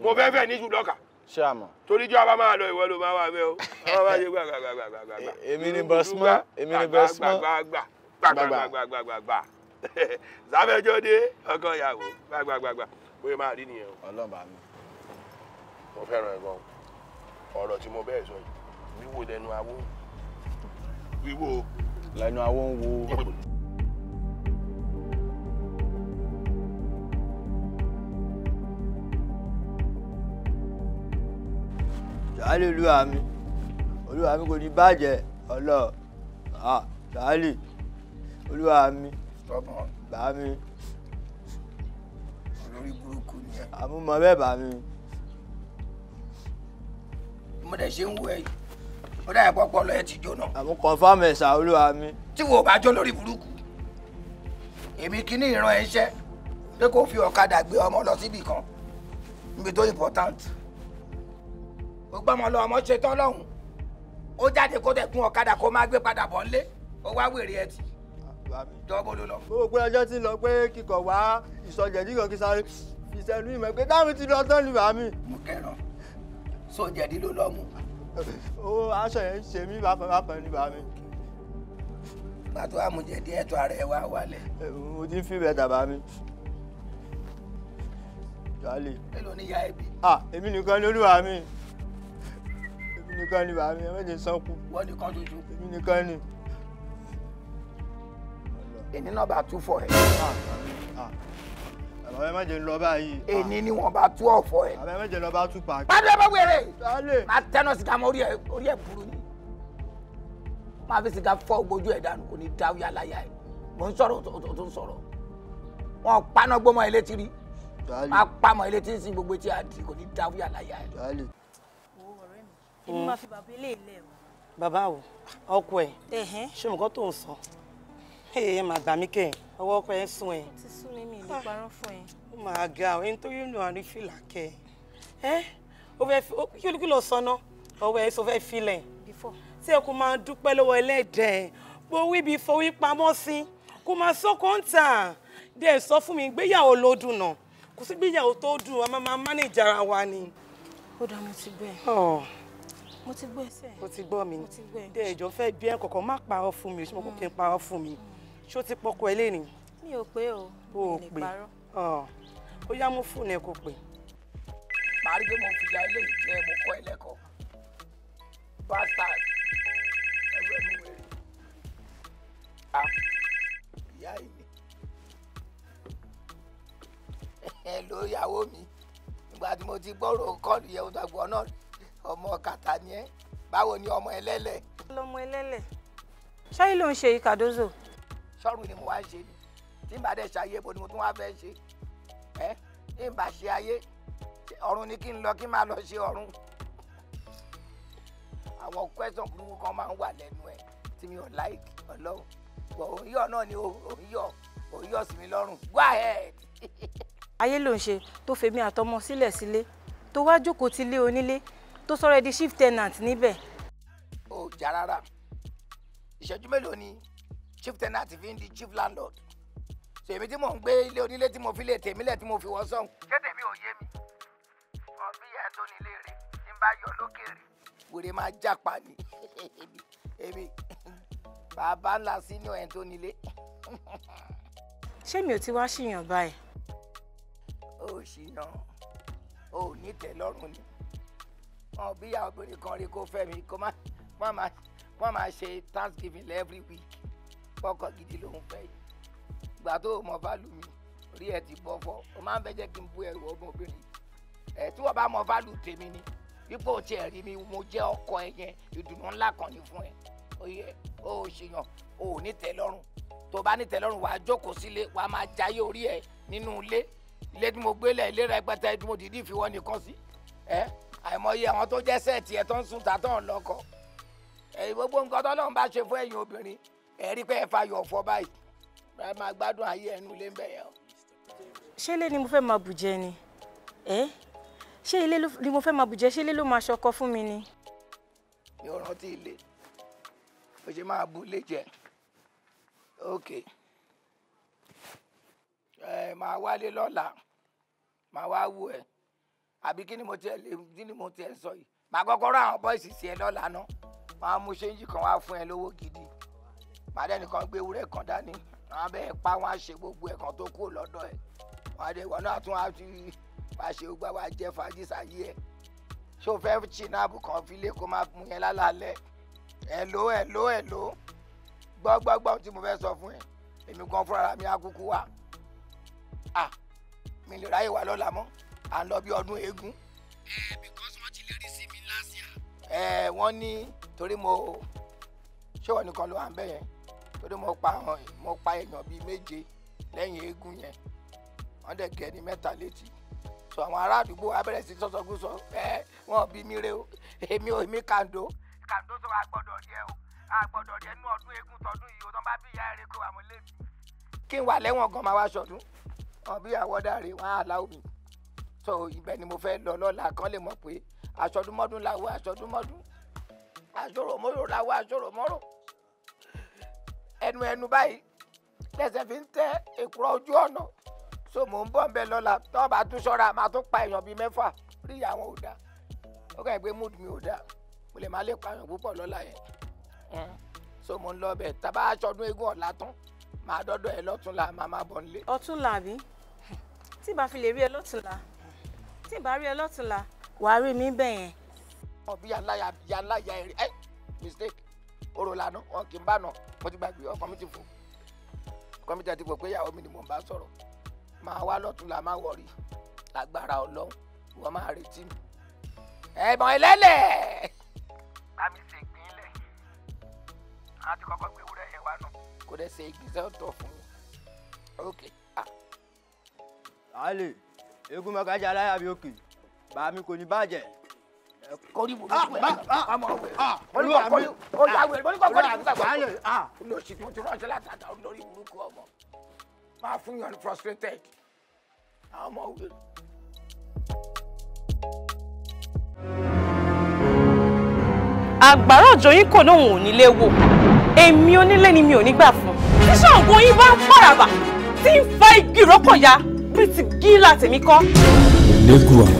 mo fẹ́ fẹ́ ní jùlọ́kà ṣé àmọ́. torí jọ́ àbá máa lọ ìwọ ló máa wà bẹ́ẹ̀ o àwọn máa ṣe gbàgbàgbàgbàgbà. E-, èmi ni bọ́sùmọ́ èmi ni bọ́sùmọ́ gbàgbàgbàgbàgbàgbà sábẹ́jọ́ dé ọkọ ìyàwó gbàgbàgbàgbà bóyá máa rí nìyẹn o. ọlọ́ba mi. mo fẹ́ràn ẹ̀ gan ọ̀rọ̀ tí mo bẹ́ẹ̀ sọ yìí wíwo lẹ́nu awó wíwo. lẹ́nu awó ń wo. sàálì olúwa mi olúwa mi kò ní bàjẹ́ ọlọ́ sàálì olúwa mi bá mi. olórí burúkú ni ẹ. àmúmọ bẹ́ẹ̀ bá mi. mo dẹ̀ ṣe ń wo ẹ yìí mo dá ẹ̀pọ̀ pọ̀ lọ ẹ ti jóná. àmú confirm ẹ̀ sà olúwa mi. tí wo bá jó lórí burúkú èmi kíní ìran ẹ̀ ń ṣẹ́ pé kó fi ọ̀kadà gbé ọmọ lọ síbì kan níbi tó important gbogbo ọmọ lọ ọmọ ṣe tán lọ́hùn ó jáde kó tẹ̀ kún ọ̀kadà kó máa gbé padà bọ̀ ńlé ó wá wèrè ẹ̀ tì jọ́bọ̀ ló lọ. mo pé ọjọ́ ti lọ pé kíkọ̀ wá ìsọjẹ̀ díkan kí sáré ìṣẹ́nu ìmọ̀ pé dáhùn ti lọ tán nìbà mi. mo kẹrọ sọjẹ̀dí ló lọ mu. ó aṣọ yẹn ń ṣe mí bákan bákan nìbà mi. pàtó àmujẹ̀dí ẹ̀tọ́ ara ẹ̀ wá wálẹ̀. mo ti ń fi bẹ́ẹ̀ dàbà mi. jọ́lẹ̀. mélòó ni ìyá ẹ̀ bí. ah èmi nìkan ni olúwa mi nìkan ni bàbá mi ẹ méje sọkù. wọ́n nìkan ṣoṣo. èmi nìkan ni. èmi náà bá tú fọ ẹ. Ah, ah, ah. bàbá ẹ méje lọ báyìí. èmi ni wọn bá tú ọ̀fọ̀ ẹ. bàbá ẹ méje lọ bá tú pàákì. pàdé ẹ bá wẹrẹ. sálẹ̀. máa tẹnu sìgá mọ orí ẹ burú ni. máa fi sìgá fọ gbójú ẹ dànù kò ní dáwé aláya ẹ mò ń sọ̀rọ̀ o tó ń sọ̀rọ̀ wọn paná gbọmọ ẹ létí máa pamọ ẹ létí sí gbogbo etí àdì kò ní dáwé aláya ẹ èmi mm. máa fi bàbá ilé ilẹ̀ o. bàbá wo ọkọ ẹ ṣé mo kọ́ tó ń sọ ẹ máa gbà mí kẹ́yìn ọwọ́ ọkọ ẹ ń sún ẹ. ti sún mi mi lè parọ́ fún ẹ. ó máa ga ọ ẹni tó yún lò àrí fìlà kẹ ẹ ó fẹ́ kí ló sọ náà ọwọ́ ẹ sọ fẹ́ filẹ̀ tí ẹ kò máa dúpẹ́ lọ́wọ́ ẹlẹ́dẹ̀ẹ́ bó wí bí fowí pamọ́ sí kó máa sọ kọ́ńtà dẹ̀ sọ fún mi gbéyàwó ló dùn kò sí gbéyàwó tó dùn a máa máa manage ara wa ni. ó dá mo ti bẹ́ẹ̀ mo ti gbọ́ ẹsẹ̀. o ti gbọ́ mi dé ìjọ fẹ́ bí ẹ kọ̀ọ̀kan má parọ́ fún mi o ṣe mo kò kí n parọ́ fún mi ṣó ti pọkọ ẹ lé mi ò pé o mi lè parọ́. ó yá mú fóònù ẹ kó pè. màá rí pé mo fìyà ilé ìjẹ́ mo kọ́ ẹ lẹ́kọ̀ọ́ bastard ẹgbẹ́ ah, mi wẹ̀rẹ̀ a ìyá ìlú ẹ lóyàwó mi nígbà tí mo ti gbọ́rọ̀ kọ́ọ̀lù yẹn ó dàgbọ́ náà rí ọmọ kàtà ni ẹ báwo ni ọmọ ẹlẹ́lẹ̀. ọlọmọ ẹlẹ́lẹ̀ ṣáyé ló ń ṣe ìkàdózò. sọ́run ni mo wá ń ṣe ni tí n bá dẹ̀ ṣayé bo ni mo tún wá fẹ́ ṣe ẹ́ tí n bá ṣe ayé ọ̀run ni kí n lọ kí n máa lọ ṣe ọ̀run. àwọn kwẹ́sàn burúkú kan máa ń wà lẹ́nu ẹ̀ tí mi ò láìkì ọlọ́run bọ̀ òyọ̀ náà ni òyọ̀ òyọ̀ sí mi lọ́rùn go ahead. ayé ló ń ṣe tó fèmí àtọmọ sílẹ̀ sílé tó wá jókòó ti lé onílé tó sọ̀rọ̀ di shift tenant níbẹ̀. ó jà rárá ìṣẹ́jú mélòó ni Chief tenant fi ń di chief landlord tèmi tí mò ń gbé ilé onílé tí mo fi lè tèmi lẹ̀ tí mo fi wọ́ sọ́hùn. ṣé tèmi ò yé mi ọbí yẹn tó nílé rè tí n bá yọ lókèrè. wèrè máa jápa ni èmi bàbá ńlá sínú ẹ̀ tó nílé. ṣé mi ò ti wá ṣìyàn báyìí. ó ṣìyàn ó ní tẹ́lọ́rùn ni wọn bí ìyá obìnrin kan rí kó fẹ́ mi kó má wọ́n máa ṣe thanksgiving every week fọ́kọ̀ gidi ló ń fẹ́ yìí ìgbà tó mọ fálù mi orí ẹ̀ ti bọ́ fọ́ o máa ń fẹ́ jẹ́ kí n bú ẹrù ọmọbìnrin ẹ̀ tí wọ́n bá mọ fálù tèmi ni wípé o tiẹ̀ rí mi mo jẹ́ ọkọ ẹ yẹn ìdùnnú ńlá kan ni fún ẹ o yẹ o ò ṣèyàn o ò ní tẹ́ lọ́rùn tó bá ní tẹ́ lọ́rùn wàá jókòó sílé wàá máa jayé orí ẹ nínú ilé ilé tí mo gbélé ilé rẹpẹtẹ tí mo dìídì fi wọ́n nìkan sí ẹ àìmọye àwọn tó jẹ́ sẹ́ẹ̀tì ẹ̀ tó ń sun tàtọ̀ lọ́kọ gbogbo nǹkan tó náà ń bá ṣe fún ẹ̀yin obìnrin ẹ̀ rí pé ẹ fayọ̀ fọ báyìí ẹ máa gbádùn ayé ẹnu ilé ń yẹn o. ṣé ilé ni mo fẹ́ máa bùjẹ ni ẹ ṣé ilé ni mo fẹ́ máa bùjẹ ṣé ilé ló máa ṣọkọ fún mi ni. mi ò rántí ilé mo ṣe máa bu ilé jẹ ok ẹ máa wálé lọ́la máa wá wú ẹ àbí kí ni mo tiẹ̀ lè kí ni mo tiẹ̀ sọ yìí màá kọ́kọ́ rán àwọn bọ́ìsì sí ẹ lọ́la náà màá mú ṣéǹjì kan wá fún ẹ lówó gidi màá dẹ́nìkan gbé ewúrẹ́ kan dání àwọn abẹ́ pa wọn á ṣe gbogbo ẹ̀kan tó kù lọ́dọ̀ ẹ̀ wọn àdé ìwọ náà tún á fi wá ṣe gbogbo àwọn ajẹ́ fàájì sáyé ẹ̀ ṣé o fẹ́ chinabu kan fi lé kó máa mú yẹn lálálẹ́ hello hello hello gbọ́gbọ́gbọ́ tí mo fẹ́ sọ fún ẹ èmi kan fúnra mi á kúkú wá ah mi lè ráyè wá lọ́la mọ́ à ń lọ bí ọdún eégún. ẹ eh, because wọ́n ti lè rí sí mi last year. ẹ wọ́n ní torí mo ṣé wọ́n nìkan ló wà ń bẹ̀ yẹn torí mo pa àwọn mo pa èèyàn bíi méje lẹ́yìn eégún yẹn wọ́n dẹ̀ gẹ̀ ní mẹ́ta létí sọ àwọn ará àdúgbò wa bẹ̀rẹ̀ sí sọ́sọ́gúsọ ẹ wọ́n bí mi re o èmi ò èmi kàǹdó kàǹdó sọ wa gbọ́dọ̀ jẹ o a gbọ́dọ̀ jẹ nínú ọdún eégún tọdún yìí o tán bá bí ìyá ẹ̀rẹ́ kó wà mọ́ lẹ́bi kí n wà lẹ́wọ̀n gan máa wá ṣọdún ọ̀bí àwọ̀dà rè wọ́n so ibẹ̀ ni mo fẹ́ lọ lọ́la kan lè mọ̀ pé aṣọdúnmọ́dún la wá aṣọdúnmọ́dún aṣọròmọ́rò la wá aṣọròmọ́rò ẹnu ẹnu báyìí lẹ́sẹ̀ fi ń tẹ́ èkúrọ̀ ojú ọ̀nà so mò ń bọ̀ ń bẹ lọ́la tó bá tún ṣọ́ra máa tún pa èèyàn bíi mẹ́fà rí ìyàwó ò dáa ó kàn pé mood mi ò dáa mo lè má lè pa èèyàn púpọ̀ lọ́la yẹn so mò ń lọ bẹ̀ tàbá aṣọdún eégún ọ̀la tán màá dọ́dọ̀ ẹ lọ́túnla màá má bọ̀ nílé. ọ̀túnla àbí tí bá fi lè rí ẹ lọ́túnla tí ìbá rí ẹ lọ́tùnla wàá rí mi bẹ̀ ọbí aláya bí aláya ẹ ẹ mistake orò lànà wọn kì í bá nà mo ti gbàgbé ọkọ mi ti fò ọkọ mi ti fò pé ìyàwó mi ni mò ń bá sọ̀rọ̀ máa wá lọ́tùnla máa wọ̀rí lágbára ọlọ́run ìwọ máa retí mi. ẹ̀mọ̀ ẹlẹ́lẹ̀. bá mi ṣe ìgbín lẹ̀ a ti kọ́kọ́ gbé ewúrẹ́ yẹn wá nù. kò dẹ̀ ṣe ìgbín sẹ́wọ̀n fún mi. ok. Ah eégún mọ́gájà aláyà bí òkè bàá mi kò ní bàjẹ́ kọ́ríbù ló pẹ́ àmọ́ olùkọ́ mi olùkọ́ mi olùkọ́ mi olùkọ́ mi olùsí tó ti ránṣẹ́ látàtà olórí burúkú ọmọ máa fún yàn frustrated àwọn ọmọ òwe. àgbàrá òjò yín kò lóun ò nílé wò èmi onílé ni mi ò ní gbà fún. tí Ṣàngó yín bá ń pàràbà tí ń fa igi ìrókò ya pretty gíńlá tèmi kọ́. lẹ́gùn àwọn.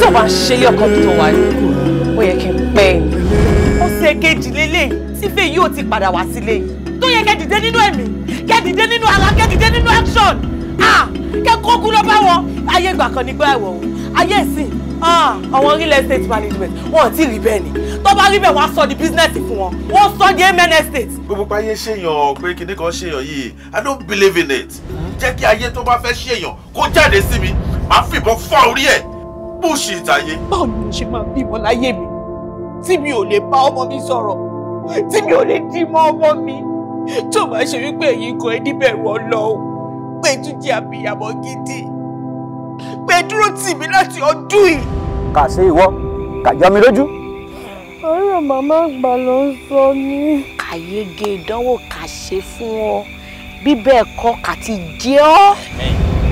tó bá ń ṣe ilé ọkàn tó wà ní ó yẹ kí n pẹ́ ẹ̀ ní. ó ṣe kejì lélẹ́yìí tí fẹ́ yóò ti padà wá sílé yìí tó yẹ kẹ́dìdé nínú ẹ̀mí kẹ́dìdé nínú àlá kẹ́dìdé nínú action kẹ́kọ́gún ló bá wọn ayé ìgbà kan nígbà ẹ̀wọ̀ o ayé ah, ìsìn ah, àwọn real estate management wọn ò tí ì rí bẹ́ẹ̀ ni tó bá rí bẹ́ẹ̀ wọ́n á sọ di business fún wọn wọ́n sọ di amen estate. gbogbo payé ṣèyàn pé kinní kan ṣèyàn yìí i don't believe in it jẹ́ kí ayé tó bá fẹ́ ṣèyàn kó jáde sí mi màá fìbọn fọ́ orí ẹ̀ bùṣì ìtàyé. báwo ni mo ṣe máa bímọ láyé mi tí mi ò lè bá ọmọ mi sọ̀rọ̀ tí mi ò lè dì mọ́ ọmọ mi tó bá ṣe wípé èyí kan ẹni bẹ̀rù ọlọ́ọ̀ pé tún jẹ́ àbíyamọ pẹ́ dúró tì mí láti ọdún yìí. kà sí ìwọ kà jọ mi lójú. ọ̀rọ̀ màmá àgbà ló ń sọ ní. kàyége ìdánwò kà ṣe fún ọ bí kọ́ kà ti jẹ ọ́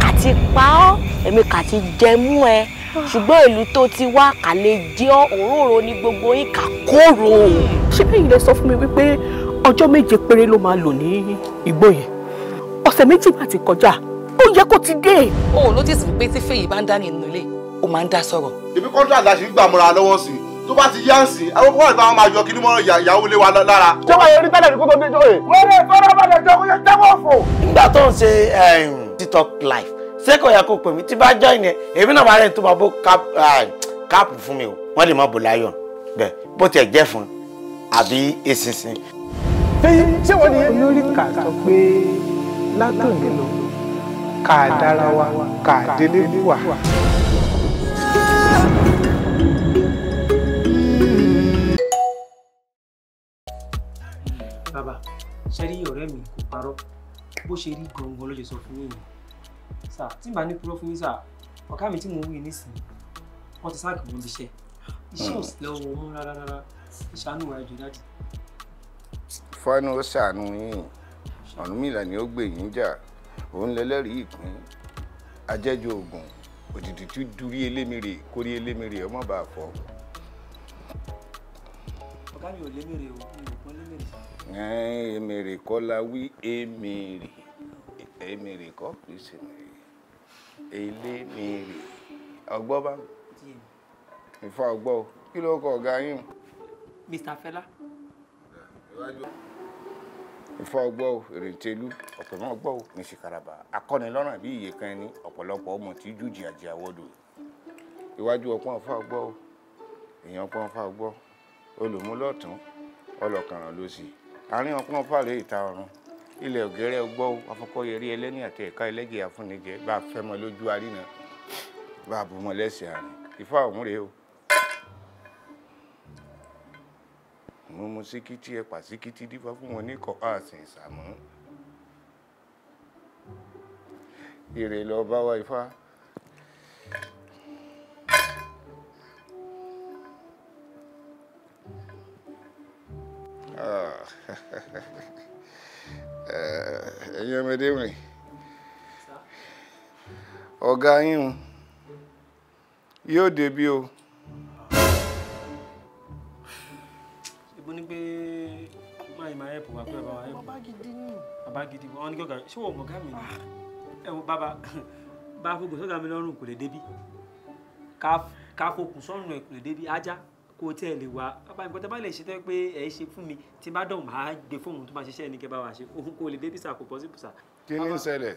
kà ti pa ọ́ èmi kà ti jẹ mú ẹ ṣùgbọ́n ìlú tó ti wá kà lè jẹ ọ́ òróró ni gbogbo yín kà kóró. ṣé ẹ̀yin lè sọ fún mi wípé ọjọ́ méje péré ló máa lò ní igbó yẹn ọ̀sẹ̀ méjì má ti kọjá ó yẹ kó ti dé. o ò lójútì pé tí fèyí bá ń dá ní inú ilé ó máa ń dá sọ̀rọ̀. èmi kọ́ńtà àṣì ń gbà mọ́ra lọ́wọ́ sí i tó bá ti yá sí i àwọn fúlàní bá wọn máa yọ kí ní mọ́ ìyàwó lé wa lára. jọba yẹn rí tẹ́lẹ̀ ní kótó déjọ́ ẹ̀. wọ́n lè fọ́nrán balẹ̀ jọ kó yẹ jábọ̀ fò. nígbà tó ń ṣe tiktok live sẹ́kọ̀ọ́ yà kó pè mí tí bá join ẹ̀ èmi náà máa rẹ̀ tó máa bó káàpù fún mi o wọ́n lè má bò láyọ̀ bẹ́ẹ̀ bó tiẹ̀ jẹ́ fún àbí eṣinṣin. ṣé wọ́n ní olórí kà pé látòun lọ kà á dára wa kà á délé wà. bàbá ṣe rí ọ̀rẹ́ mi kò parọ́ bó ṣe rí gangan ló lè sọ fún yìnyín sà tí màá ní purọ́ fún yín sà ọ̀gá mi tí mo ń wí nísìnyí wọ́n ti sáàkì wọn níṣẹ́ iṣẹ́ ò sì lọ́wọ́ wọn rárá rárá ìṣàánú wa ẹ̀jọ̀ dájú. fọ́nù ó ṣàánú yín Ọ̀rúnmìlà ni ó gbè yín jà òun lẹlẹ́rìí ìpín ajẹ́jọ oògùn òjìjì tí dúrí elémèrè kórí elémèrè ọmọ bá fọ. ọ̀gá mi ò lémèrè o mi ò pọ́n lémèrè sá. èmèrè kọ́ la wí èmèrè èmèrè kọ́ kì í ṣe mèrè elémèrè ọgbọ́n bá ìfọ̀ ọgbọ́n kí ló kọ ọ̀gá yín. Mr. Fela ifá ọgbọ́ o èrèǹtẹ̀lú ọ̀pẹ̀mọ́ ọgbọ́ o mèsìkàràbà akọ́nilọ́rùn bí iye kan ẹni ọ̀pọ̀lọpọ̀ ọmọ tí jújì àjẹ àwọ̀dò iwájú ọpọ́n ọfá ọgbọ́ o èèyàn ọpọ́n ọfá ọgbọ́ olùmúlọ́tún ọlọ́kàràn ló sì àárín ọpọ́n ọfá rèé ìta ọ̀run ilẹ̀ ògẹ́rẹ́ ọgbọ́ o afọkọ́yẹrí ẹlẹ́ni àti ẹ̀ka ẹlẹ́gẹ̀ẹ́ afúnijẹ bá fẹ́ mọ lójú arínà bá bùmọ̀ lẹ́sẹ̀ àrùn ifá ọ̀hún rèé o àmọ́ mo síkítí ẹ pàṣíkítí dífá fún wọn ní kọ́pá àsìn ìsàmọ́. èrè lọ bá wa ifá. Ah. ẹ̀yin ọmọdé rìn ọ̀gá yín yóò débi o. ní pé máa yìí máa ẹ̀pù wá pé bàbá wa ẹ̀pù. bàbá gidi ni. bàbá gidi wọn ní kí ọ̀gá ṣé wọ́n mọ̀ ọ̀gá mi ni. ẹ wo bàbá bá a fokùn sọ́gà mi lọ́rùn kò lè débi ká fokùn sọ́rùn ẹ̀ kò lè débi ajá kò tẹ́ lè wá bàbá nǹkan tẹ́ bá lè ṣe tẹ́ pé ẹ̀ ṣe fún mi tí bá dọ̀ máa gbé fóònù tó máa ṣiṣẹ́ ní kẹ́ bá wa ṣe òun kò lè débi sà kò pọ̀ sí bùsà. kí ni ń ṣẹlẹ̀.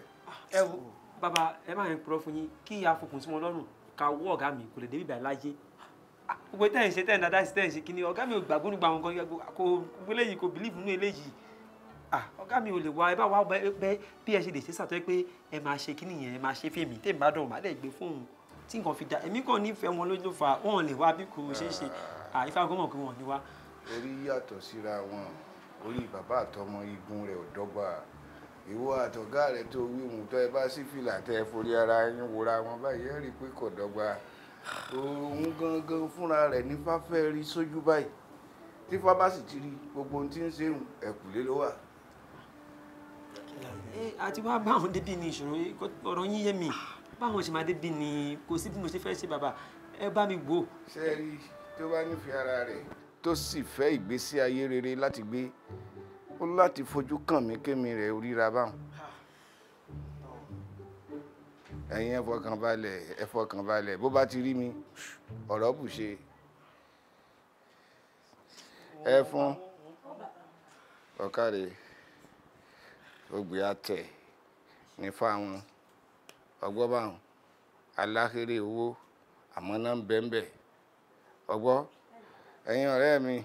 ẹ wo bàbá ẹ máa ń purọ́ fún yín kí afokùn sí wọn lọ́rùn ká wọ́ ọ̀gá mi kò lè débi bàá láyé gbogbo tẹ́yìn ṣe tẹ́yìn dáadáa sí tẹ́yìn ṣe kínní ọ̀gá mi ò gbàgbọ́ nígbà wọn kan kò eléyìí kò bìlíìfù nínú eléyìí ọ̀gá mi ò lè wá ẹ bá wá bẹ bí ẹ ṣe lè ṣe sàtọ́ pé ẹ máa ṣe kínní yẹn ẹ máa ṣe fèmí tèmi bá dọ̀rùn má lè gbé fóun tí nǹkan fi da èmi kàn nífẹ̀ẹ́ wọn lójú fa wọn lè wá bí kò ṣeé ṣe àìfàgọ́mọ̀ pé wọn ní wá. orí yàtọ̀ síra wọn orí bàbá àtọmọ igun rẹ̀ ò dọ́gba ìwọ àtọ̀gá rẹ̀ tó wíwùn tó ẹ bá sí fìlà tẹ forí ara yín wòra wọn báyìí ẹ rí i pé kò dọ́gba òun gangan fúnra rẹ̀ ní fáfẹ́ rí sójú báyìí tí fábà sì ti rí gbogbo ohun tí ń ṣe ẹ̀kúlé ló wà. àti wá bá àwọn débi ní ìṣòro ọ̀rọ̀ yín yé mi báwọn ṣe máa débi ní kò sí bí mo ṣe fẹ́ ṣe bàbá ẹ bá mi wò. ṣe rí tó bá nífẹ̀ẹ́ ara rẹ̀ tó sì fẹ́ ìgbésí ayé rere láti gbé ó láti fojú kàn mí kémi rẹ̀ oríra báwọn ẹ̀yin ẹ fọkàn balẹ̀ ẹ fọkàn balẹ̀ bó bá ti rí mi ọ̀rọ̀ bù ṣe ẹ fún ọ̀kàrẹ̀ ògbé àtẹ̀ ní fáwọn ọgbọ́n báwọn aláhéré owó àmọ́ náà ń bẹ́ńbẹ́ ọgbọ́n ẹ̀yin ọ̀rẹ́ mi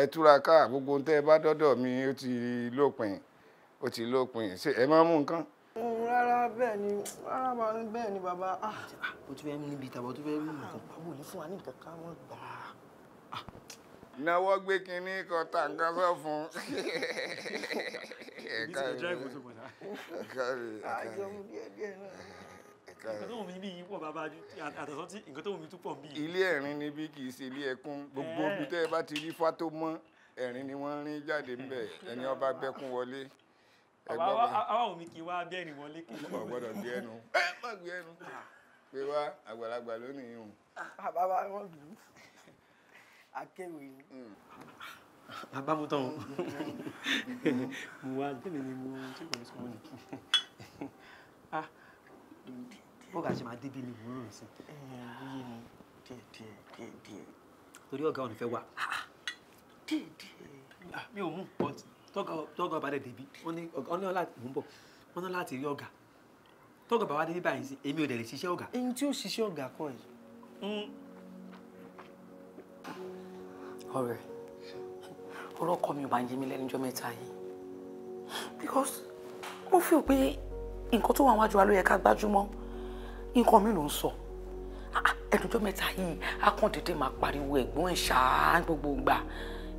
ẹ túraká gbogbo ohun tẹ́ ẹ bá dọ́dọ̀ mi ó ti lópin ó ti lópin ṣé ẹ máa mú nǹkan rárá bẹ́ẹ̀ ni rárá bẹ́ẹ̀ ni bàbá. o ah. ti fẹ́ níbi ìtàbọ̀ tó fẹ́ mú nǹkan pàwọ́ ah, ní fún wa ní nǹkan ká wọ́n gbà á. Ah. náwó gbé kinní kan tá nǹkan sọ fún. ẹ̀ka rẹ̀ ẹ̀ka rẹ̀ àjọ mu díẹ̀ díẹ̀ náà nǹkan tó wù mí bí yín pọ̀ bàbá àtàtọ̀ tí nǹkan tó wù mí tún pọ̀ bí. ilé ẹ̀rín ni kì í ṣe ilé ẹkún gbogbo eh. ibi tẹ́ ẹ bá ti rí fátó mọ́ ẹ̀rín ni wọ́n rín jáde ńbẹ̀ eh. ẹni ọba gbẹ́kún wọlé àwọn omi kì í wá bẹ́ẹ̀rì wọlé kí. ọmọ gbọ́dọ̀ gbé ẹnu ẹ eh, má gbé ẹnu ah, pé wá àgbàlagbà lónìí hùn. Ah, bàbá wa wọn lù ú akéwì ni. Hmm. bàbá mo tán o hmm, hmm, mo wá tẹ́lẹ̀ ni mo tí kò ní sọ wọn ni. Ah, bó kà ṣe máa débi ilé ìwúrò rẹ sí. Eh, yíyé ni díẹ̀ díẹ̀ torí ọ̀gá ò ní fẹ́ wà. díẹ̀ díẹ̀. mi ò mú pọ́ǹtì tọ́gọ̀ bá dẹ̀ débi wọ́n ní ọ̀la mò ń bọ̀ wọ́n ní láti rí ọ̀gá tọ́gọ̀ bá wá dé báyìí sí èmi ò dẹ̀ lè ṣiṣẹ́ ọ̀gá. ẹni tí ó ṣiṣẹ́ ọ̀gá kọ́ yìí. Hmm. ọ̀rẹ́ ọ̀rọ̀ ọkọ mi ò bá ń yé mi lẹ́nujọ́ mẹ́ta yìí because mo fi pé nǹkan tó wà wájú wa ló yẹ ká gbájúmọ́ nǹkan mi ló ń sọ ah, ẹnujọ́ mẹ́ta yìí a kàn dédé máa pariwo ẹ̀gbọ́n ẹ̀ ṣáá gbogbo gbà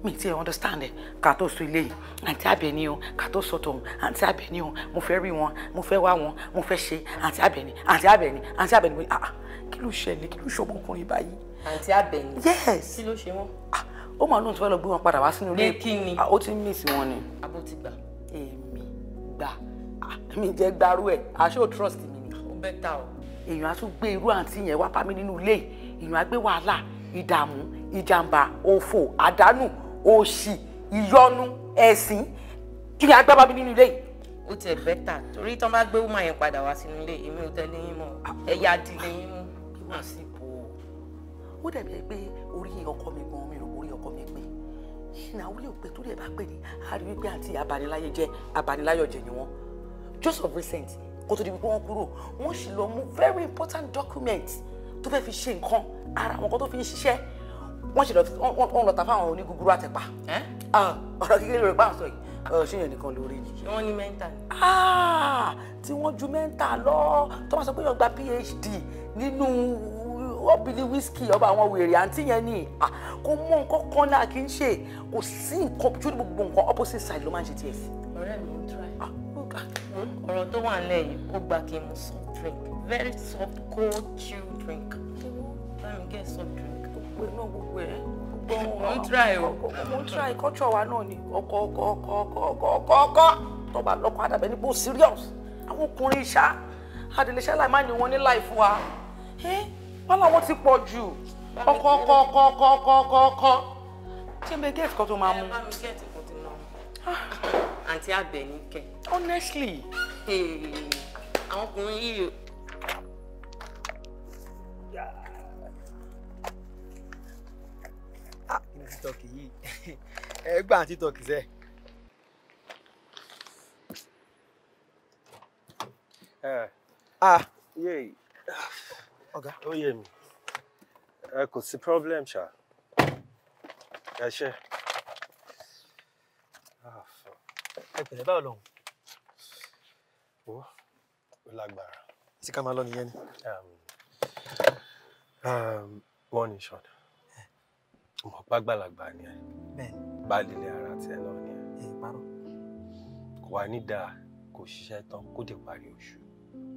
mi ti understand ẹ ká tó so ilé yìí àǹtí àbẹ̀ni o ká tó sọ tòun àǹtí àbẹ̀ni o mo fẹ́ rí wọn mo fẹ́ wá wọn mo fẹ́ ṣe àǹtí àbẹ̀ni àǹtí àbẹ̀ni àǹtí àbẹ̀ni mo ah, ah kí ló ṣẹlẹ̀ kí ló ṣe ọmọkùnrin báyìí. àǹtí àbẹ̀ni yes kí ló ṣe wọn. Ah, ó máa lóun ti fẹ́ lọ gbé wọn padà wá sínú ilé ah, ó ti ń miss wọn ni. abó ti gbà. èmi gbà mi jẹ gbarú ẹ aṣọ trust mi ni. ó bẹ́ ta o. èèyàn á tún gbé irú àǹtí yẹn wá pa mí nínú ilé èèyàn á gbé wàhálà ìdààmú ìjàmbá òfò àdánù òṣì ìyọnu ẹ̀sìn kí ni agbábá mi nínú ilé yìí. ó tiẹ̀ bẹ́tà torí tán bá gbé woman yẹn padà wá sínú ilé èmi ò tẹ́lẹ̀ yín mọ́ ẹ̀yà àdìlẹ̀ yín mú. wọ́n sì bò ó ó dàbí pé orí ọkọ mi gan mi ò orí ọkọ mi pé ṣìnà orí òpè tó lè bá pè ní a rí wípé àti abaniláyé jẹ abaniláyọ̀ jẹ ni wọ́n just of recent kó tó di wípé wọ́n kúrò wọ́n sì lọ mú very important documents tó fẹ́ fi ṣe nǹkan ara wọn kó tó fi ń ṣiṣẹ́ wọ́n ṣe wọ́n lọ ta fáwọn onígúgúrú àtẹ̀pà ah, ọ̀rọ̀ kékeré rẹ̀ báwọn sọ yìí ṣé yẹn nìkan lórí ni. ṣé wọ́n ní mẹ́ńtà. Ah, tí wọ́n ju mẹ́ńtà lọ tó máa sọ pé yóò gba PhD nínú obìnrin wíṣkì ọba àwọn wèrè àǹtí yẹn ni ah, kò mọ nǹkan kan náà kì í ṣe kò sí nǹkan tó ní gbogbo nǹkan opposite side ló máa ń ṣe tiẹ̀ sí. ọ̀rẹ́ mi ń try ọ̀rọ̀ tó wà nílẹ̀ yìí ó gba kí n mu soft drink very soft cold chill drink bá mi get soft drink pé náà gbogbo ẹ̀ gbogbo ọ̀hún try o. mo ń try culture wa náà ni ọkọ ọkọ ọkọ ọkọ ọkọ ọkọ ọkọ tọba lọkọ àdàbẹ ní bó serious àwọn ọkùnrin ṣá adèlèṣẹ́ láì má ní wọn ní láì fún wa wọn làwọn ti pọ̀ jù ọkọ ọkọ ọkọ ọkọ ọkọ ọkọ ọkọ tí n bẹ gẹ́ẹ̀tì kan tó máa mú. Ah. àǹtí àbẹ̀ ní kẹ́. honestly àwọn ọkùnrin yìí tiktok yìí ẹ gbà tiktok sẹ. Ah, ọ̀gá ó yé mi ẹ kò sí problem ṣá ẹ ṣe. Ah, ẹ pẹ̀lẹ́ báwo lọ́hùn. ó lágbára. tí ká máa lọ nìyẹn ni. one in short ọmọ pàgbàlagbà ni ẹ baálé ilé ara tiẹ̀ náà ni ẹ kò wá ní dáa kò ṣiṣẹ́ tán kó dé parí oṣù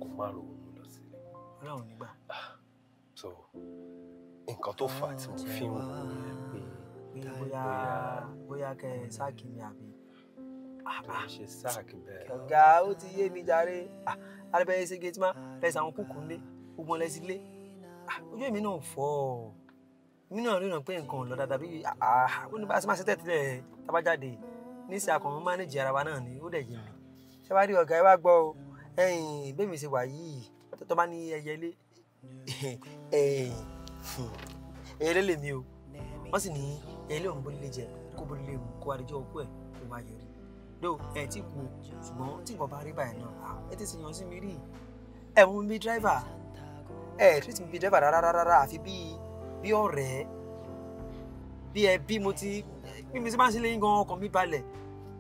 kó má ròó mú lọ sílé. Ọlọ́run nígbà. Ah, so nǹkan tó fà tí mo fi ń wò ó yẹ pé bóyá bóyá kẹ ẹ hmm. sáàkì mi àbí. tó ah, ń ah. ṣe sáàkì bẹ́ẹ̀. ọ̀gá ó ti yé mi jàre alẹ́bẹ̀rẹ̀ gẹ̀tìmá fẹsẹ̀ àwọn kúkú ńlé gbogbo ọ̀lẹ́sí lé ojú èmi náà fọ́ ọ́ mí náà ríran pé nǹkan ò lọ dáadáa bí ó ní bá a ṣe tẹ̀tílẹ̀ tábàjáde níṣẹ́ akọ̀mọ́ mánéjì ara wa náà ni ó dẹ̀ yé mi ṣé wàá rí ọ̀gá ẹ wá gbọ́ ọ ẹ̀yìn bẹ́ẹ̀ mi ṣe wà yìí tọ́tọ́ bá ní ẹyẹ ilé ẹyẹ ilé lèmi o wọ́n sì ní ẹyẹ ilé òun bólélé jẹ kó bólélé mu kó adijọ́ òkú ẹ̀ kó máa yẹrí ló ẹ tí kú ṣùgbọ́n tí nǹkan bá rí báyìí náà ẹ ti sèyàn sí mi rí ẹ mú mi bí dráìvà bí ọ̀rẹ́ bí ẹbí mo ti bí mi ti bá ń ṣe lẹ́yìn gan ọkàn mi balẹ̀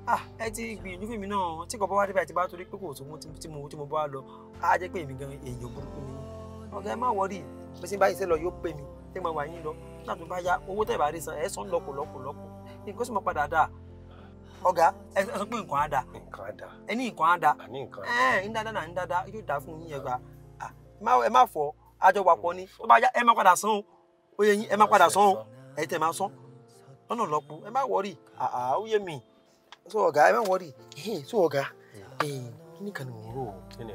ah ẹ ti gbìyànjú fèmí náà tí kò bá wá débẹ̀ àti bá torí pé kò tó mú tí mo tí mo bá lọ á jẹ́ pé èmi gan èèyàn burúkú ni ọ̀gá ẹ má wọrí bí ṣe bá iṣẹ́ lọ yóò pè mí tí mo wà yín lọ nígbà tó bá yá owó tẹ̀ bá rí san ẹ san lọ́pọ̀ lọ́pọ̀ lọ́pọ̀ nǹkan sì mọ padà dáa ọ̀gá ẹ sọ pé nǹkan á da nǹkan á da ẹ ní nǹkan á da ẹ ní nǹkan á da ẹ ń dáadáa náà ń dáadáa yóò dáa fún yín yẹn gba ah, ẹ má fọ àjọwàpọ̀ ni tó bá yá ẹ má padà san o ó yẹ yín ẹ má padà sán o ẹ tẹ̀ máa sán lọ́nà lọ́pọ̀ ẹ má wọ́rì ó yẹ mi sọ ọ̀gá ẹ má wọ́rì sọ ọ̀gá hmm. kí ni kàn ní mò ń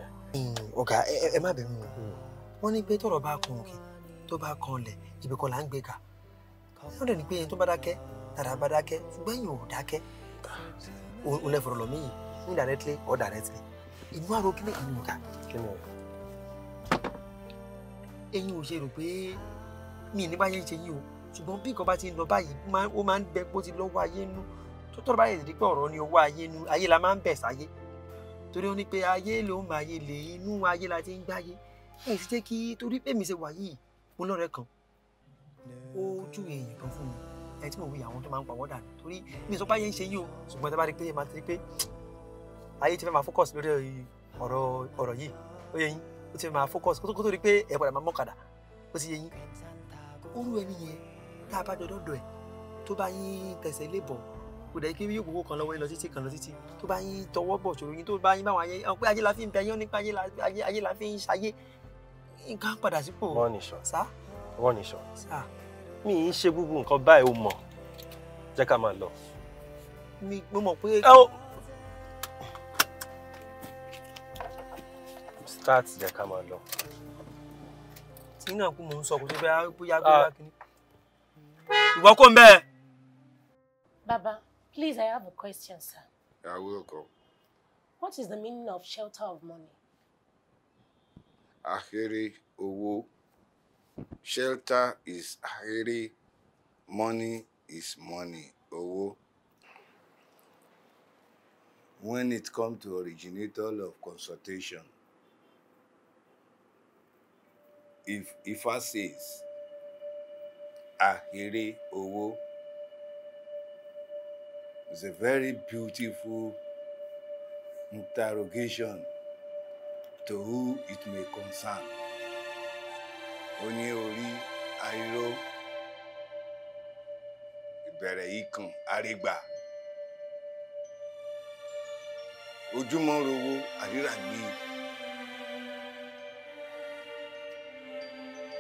ọ̀gá ẹ má bẹ̀rù o hmm. wọ́n ní pé tọ̀rọ̀ bá kan òkè tó bá kan ọ̀lẹ̀ ibì kan là ń gbé ga wọ́n dẹ̀ ní pé ẹni tó bá dákẹ́ tàdá bá dákẹ́ ṣùgbọ́n ò dákẹ́ òun lẹ fọ̀rọ̀ lọ mí yìí indirectly or directly ìlú àrò kí ni ìlú ọ̀gá. ẹ̀yin ò ṣe rò pé mi ní báyẹn ṣe yí o ṣùgbọ́n bí nǹkan bá ti ń lọ báyìí ó máa ń bẹ bó ti lọ́wọ́ ayé nú tó tọ́ra báyìí rí pé ọ̀rọ̀ ni owó ayé nú ayé la máa ń bẹ̀ sáyé torí ó ní pé ayé ló ń máa yé lè inú ayé la ti ń gbáyé ẹ fi jẹ́ kí torí pé mi ṣe wà yìí mo lọ́rẹ̀ẹ́ kan ó ju èèyàn kan fún mi ẹ tí mo wí àwọn tó máa ń pawọ́ dànù torí mi sọ báyẹn ń ṣe yìí o ṣùgbọ́n tá ó ti fẹ́ máa fókọ̀sì kó tó rí pé ẹ̀ padà máa mọ́kadà ó ti yẹ yín orú ẹni yẹn tá a bá dọdọ dọ ẹ tó bá yín tẹsẹ̀ lè bọ̀ kò dẹ̀ kí yóò gbowó kan lọ́wọ́ yín lọ títí kan lọ títí tó bá yín tọwọ́ bọ̀ ṣòro yín tó bá yín báwọn ayé ọ̀pẹ ayé la fi ń bẹ yín nípa ayé la fi ń ṣayé nǹkan padà sípò. wọ́n ní sọ wọ́n ní sọ mi ì ń ṣe gbogbo nǹkan báyìí o mọ̀ jẹ́ ká máa lọ. mi mo mọ̀ pé. start jẹ́ ká máa lọ kí náà kú mò ń sọ kò sí bẹ́ẹ̀ bóyá bóyá kí ìwọ kò ń bẹ́ẹ̀. Baba, please, I have a question, sir. I will come. What is the meaning of shelter of money? Ahiri owo. Shelter is ahiri. Money is money. Owo. When it come to originator of consultation, Ifá says ahéré owó is a very beautiful interrogation to who it may concern. ó ní orí ayíró ìbẹ̀rẹ̀ yìí kan arégbà ojúmọ́ rowó àríràgbé.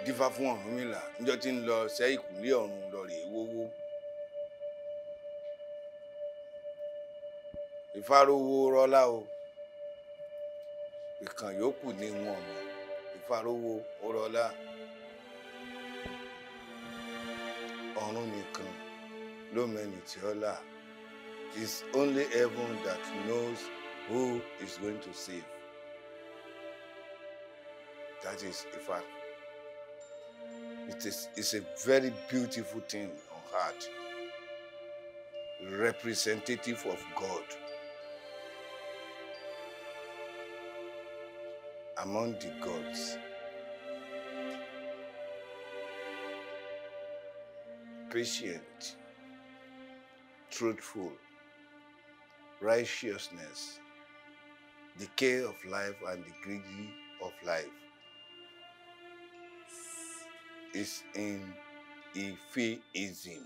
dífá fún Ọ̀rúnmìlà níjọ́ tí ń lọ sẹ́ ìkúnlé ọ̀run lọ rèé wówó. ìfarowó rọlá o ìkàn yòókù ni wọn mọ ìfarowó rọlá ọ̀run nìkan ló tí ó là it's only heaven that knows who is going to save that is fact. It is it's a very beautiful thing on heart. Representative of God. Among the gods. Patient, truthful, righteousness, the care of life and the greedy of life. is in Ifeism.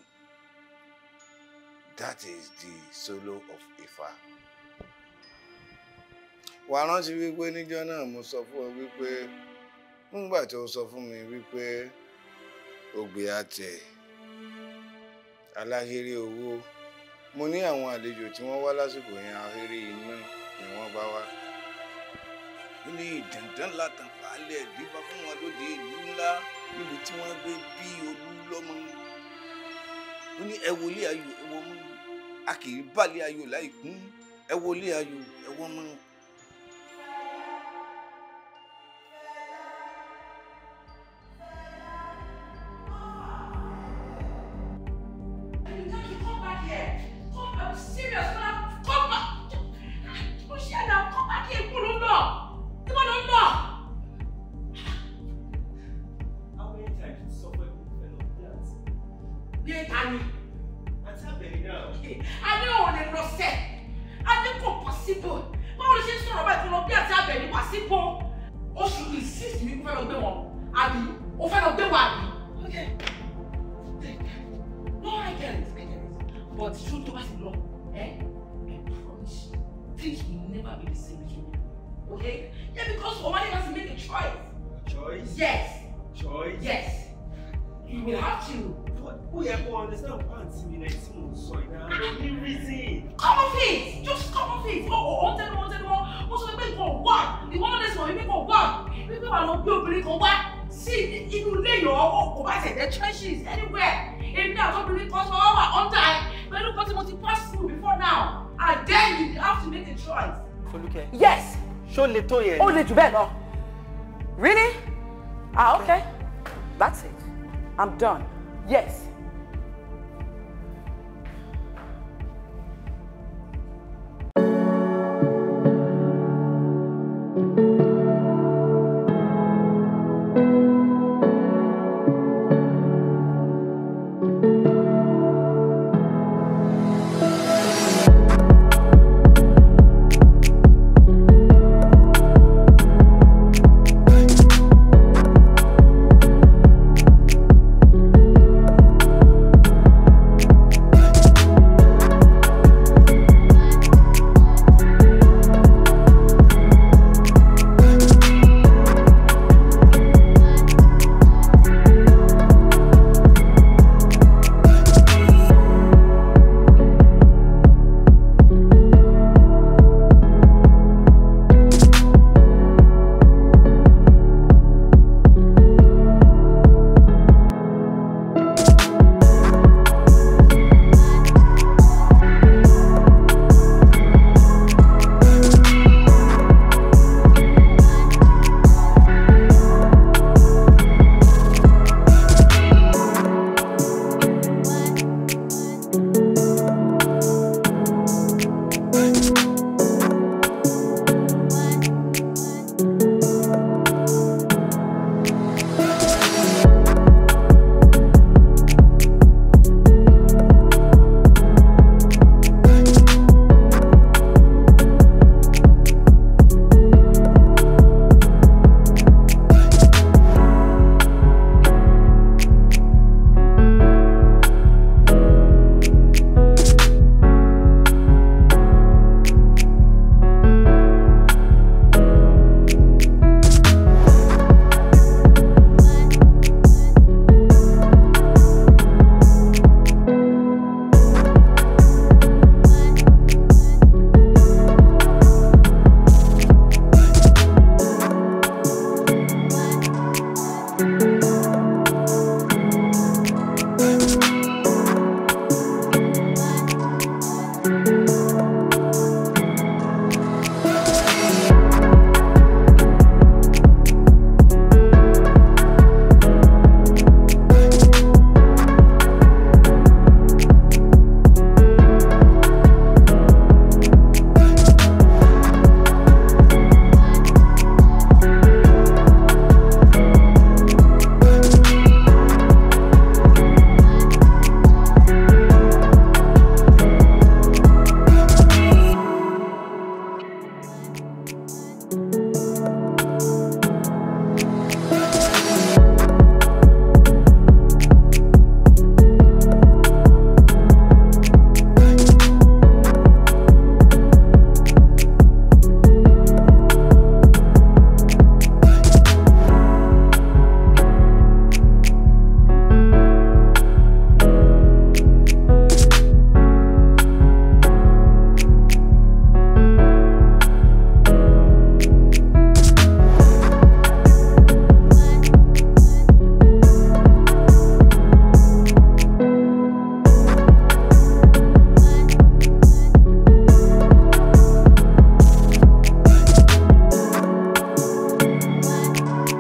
That is the solo of Ifa. Ifá. Wàá rántí wípé níjọ́ náà mo sọ fún ọ wípé nígbà tí o sọ fún mi wípé ògbé àtẹ̀ aláhéré owó mo ní àwọn àlejò tí wọ́n wá lásìkò yẹn ahéré iná ni wọ́n bá wá. ó ní dandan látàn pàálẹ̀ dìbò fún wọn lóde ìlú ńlá níbi tí wọ́n gbé bí olú lọ́mọ ó ní ẹ ayò ẹ wọ́n mọ́ a kì ayò láì kún ayò ẹ wọ́n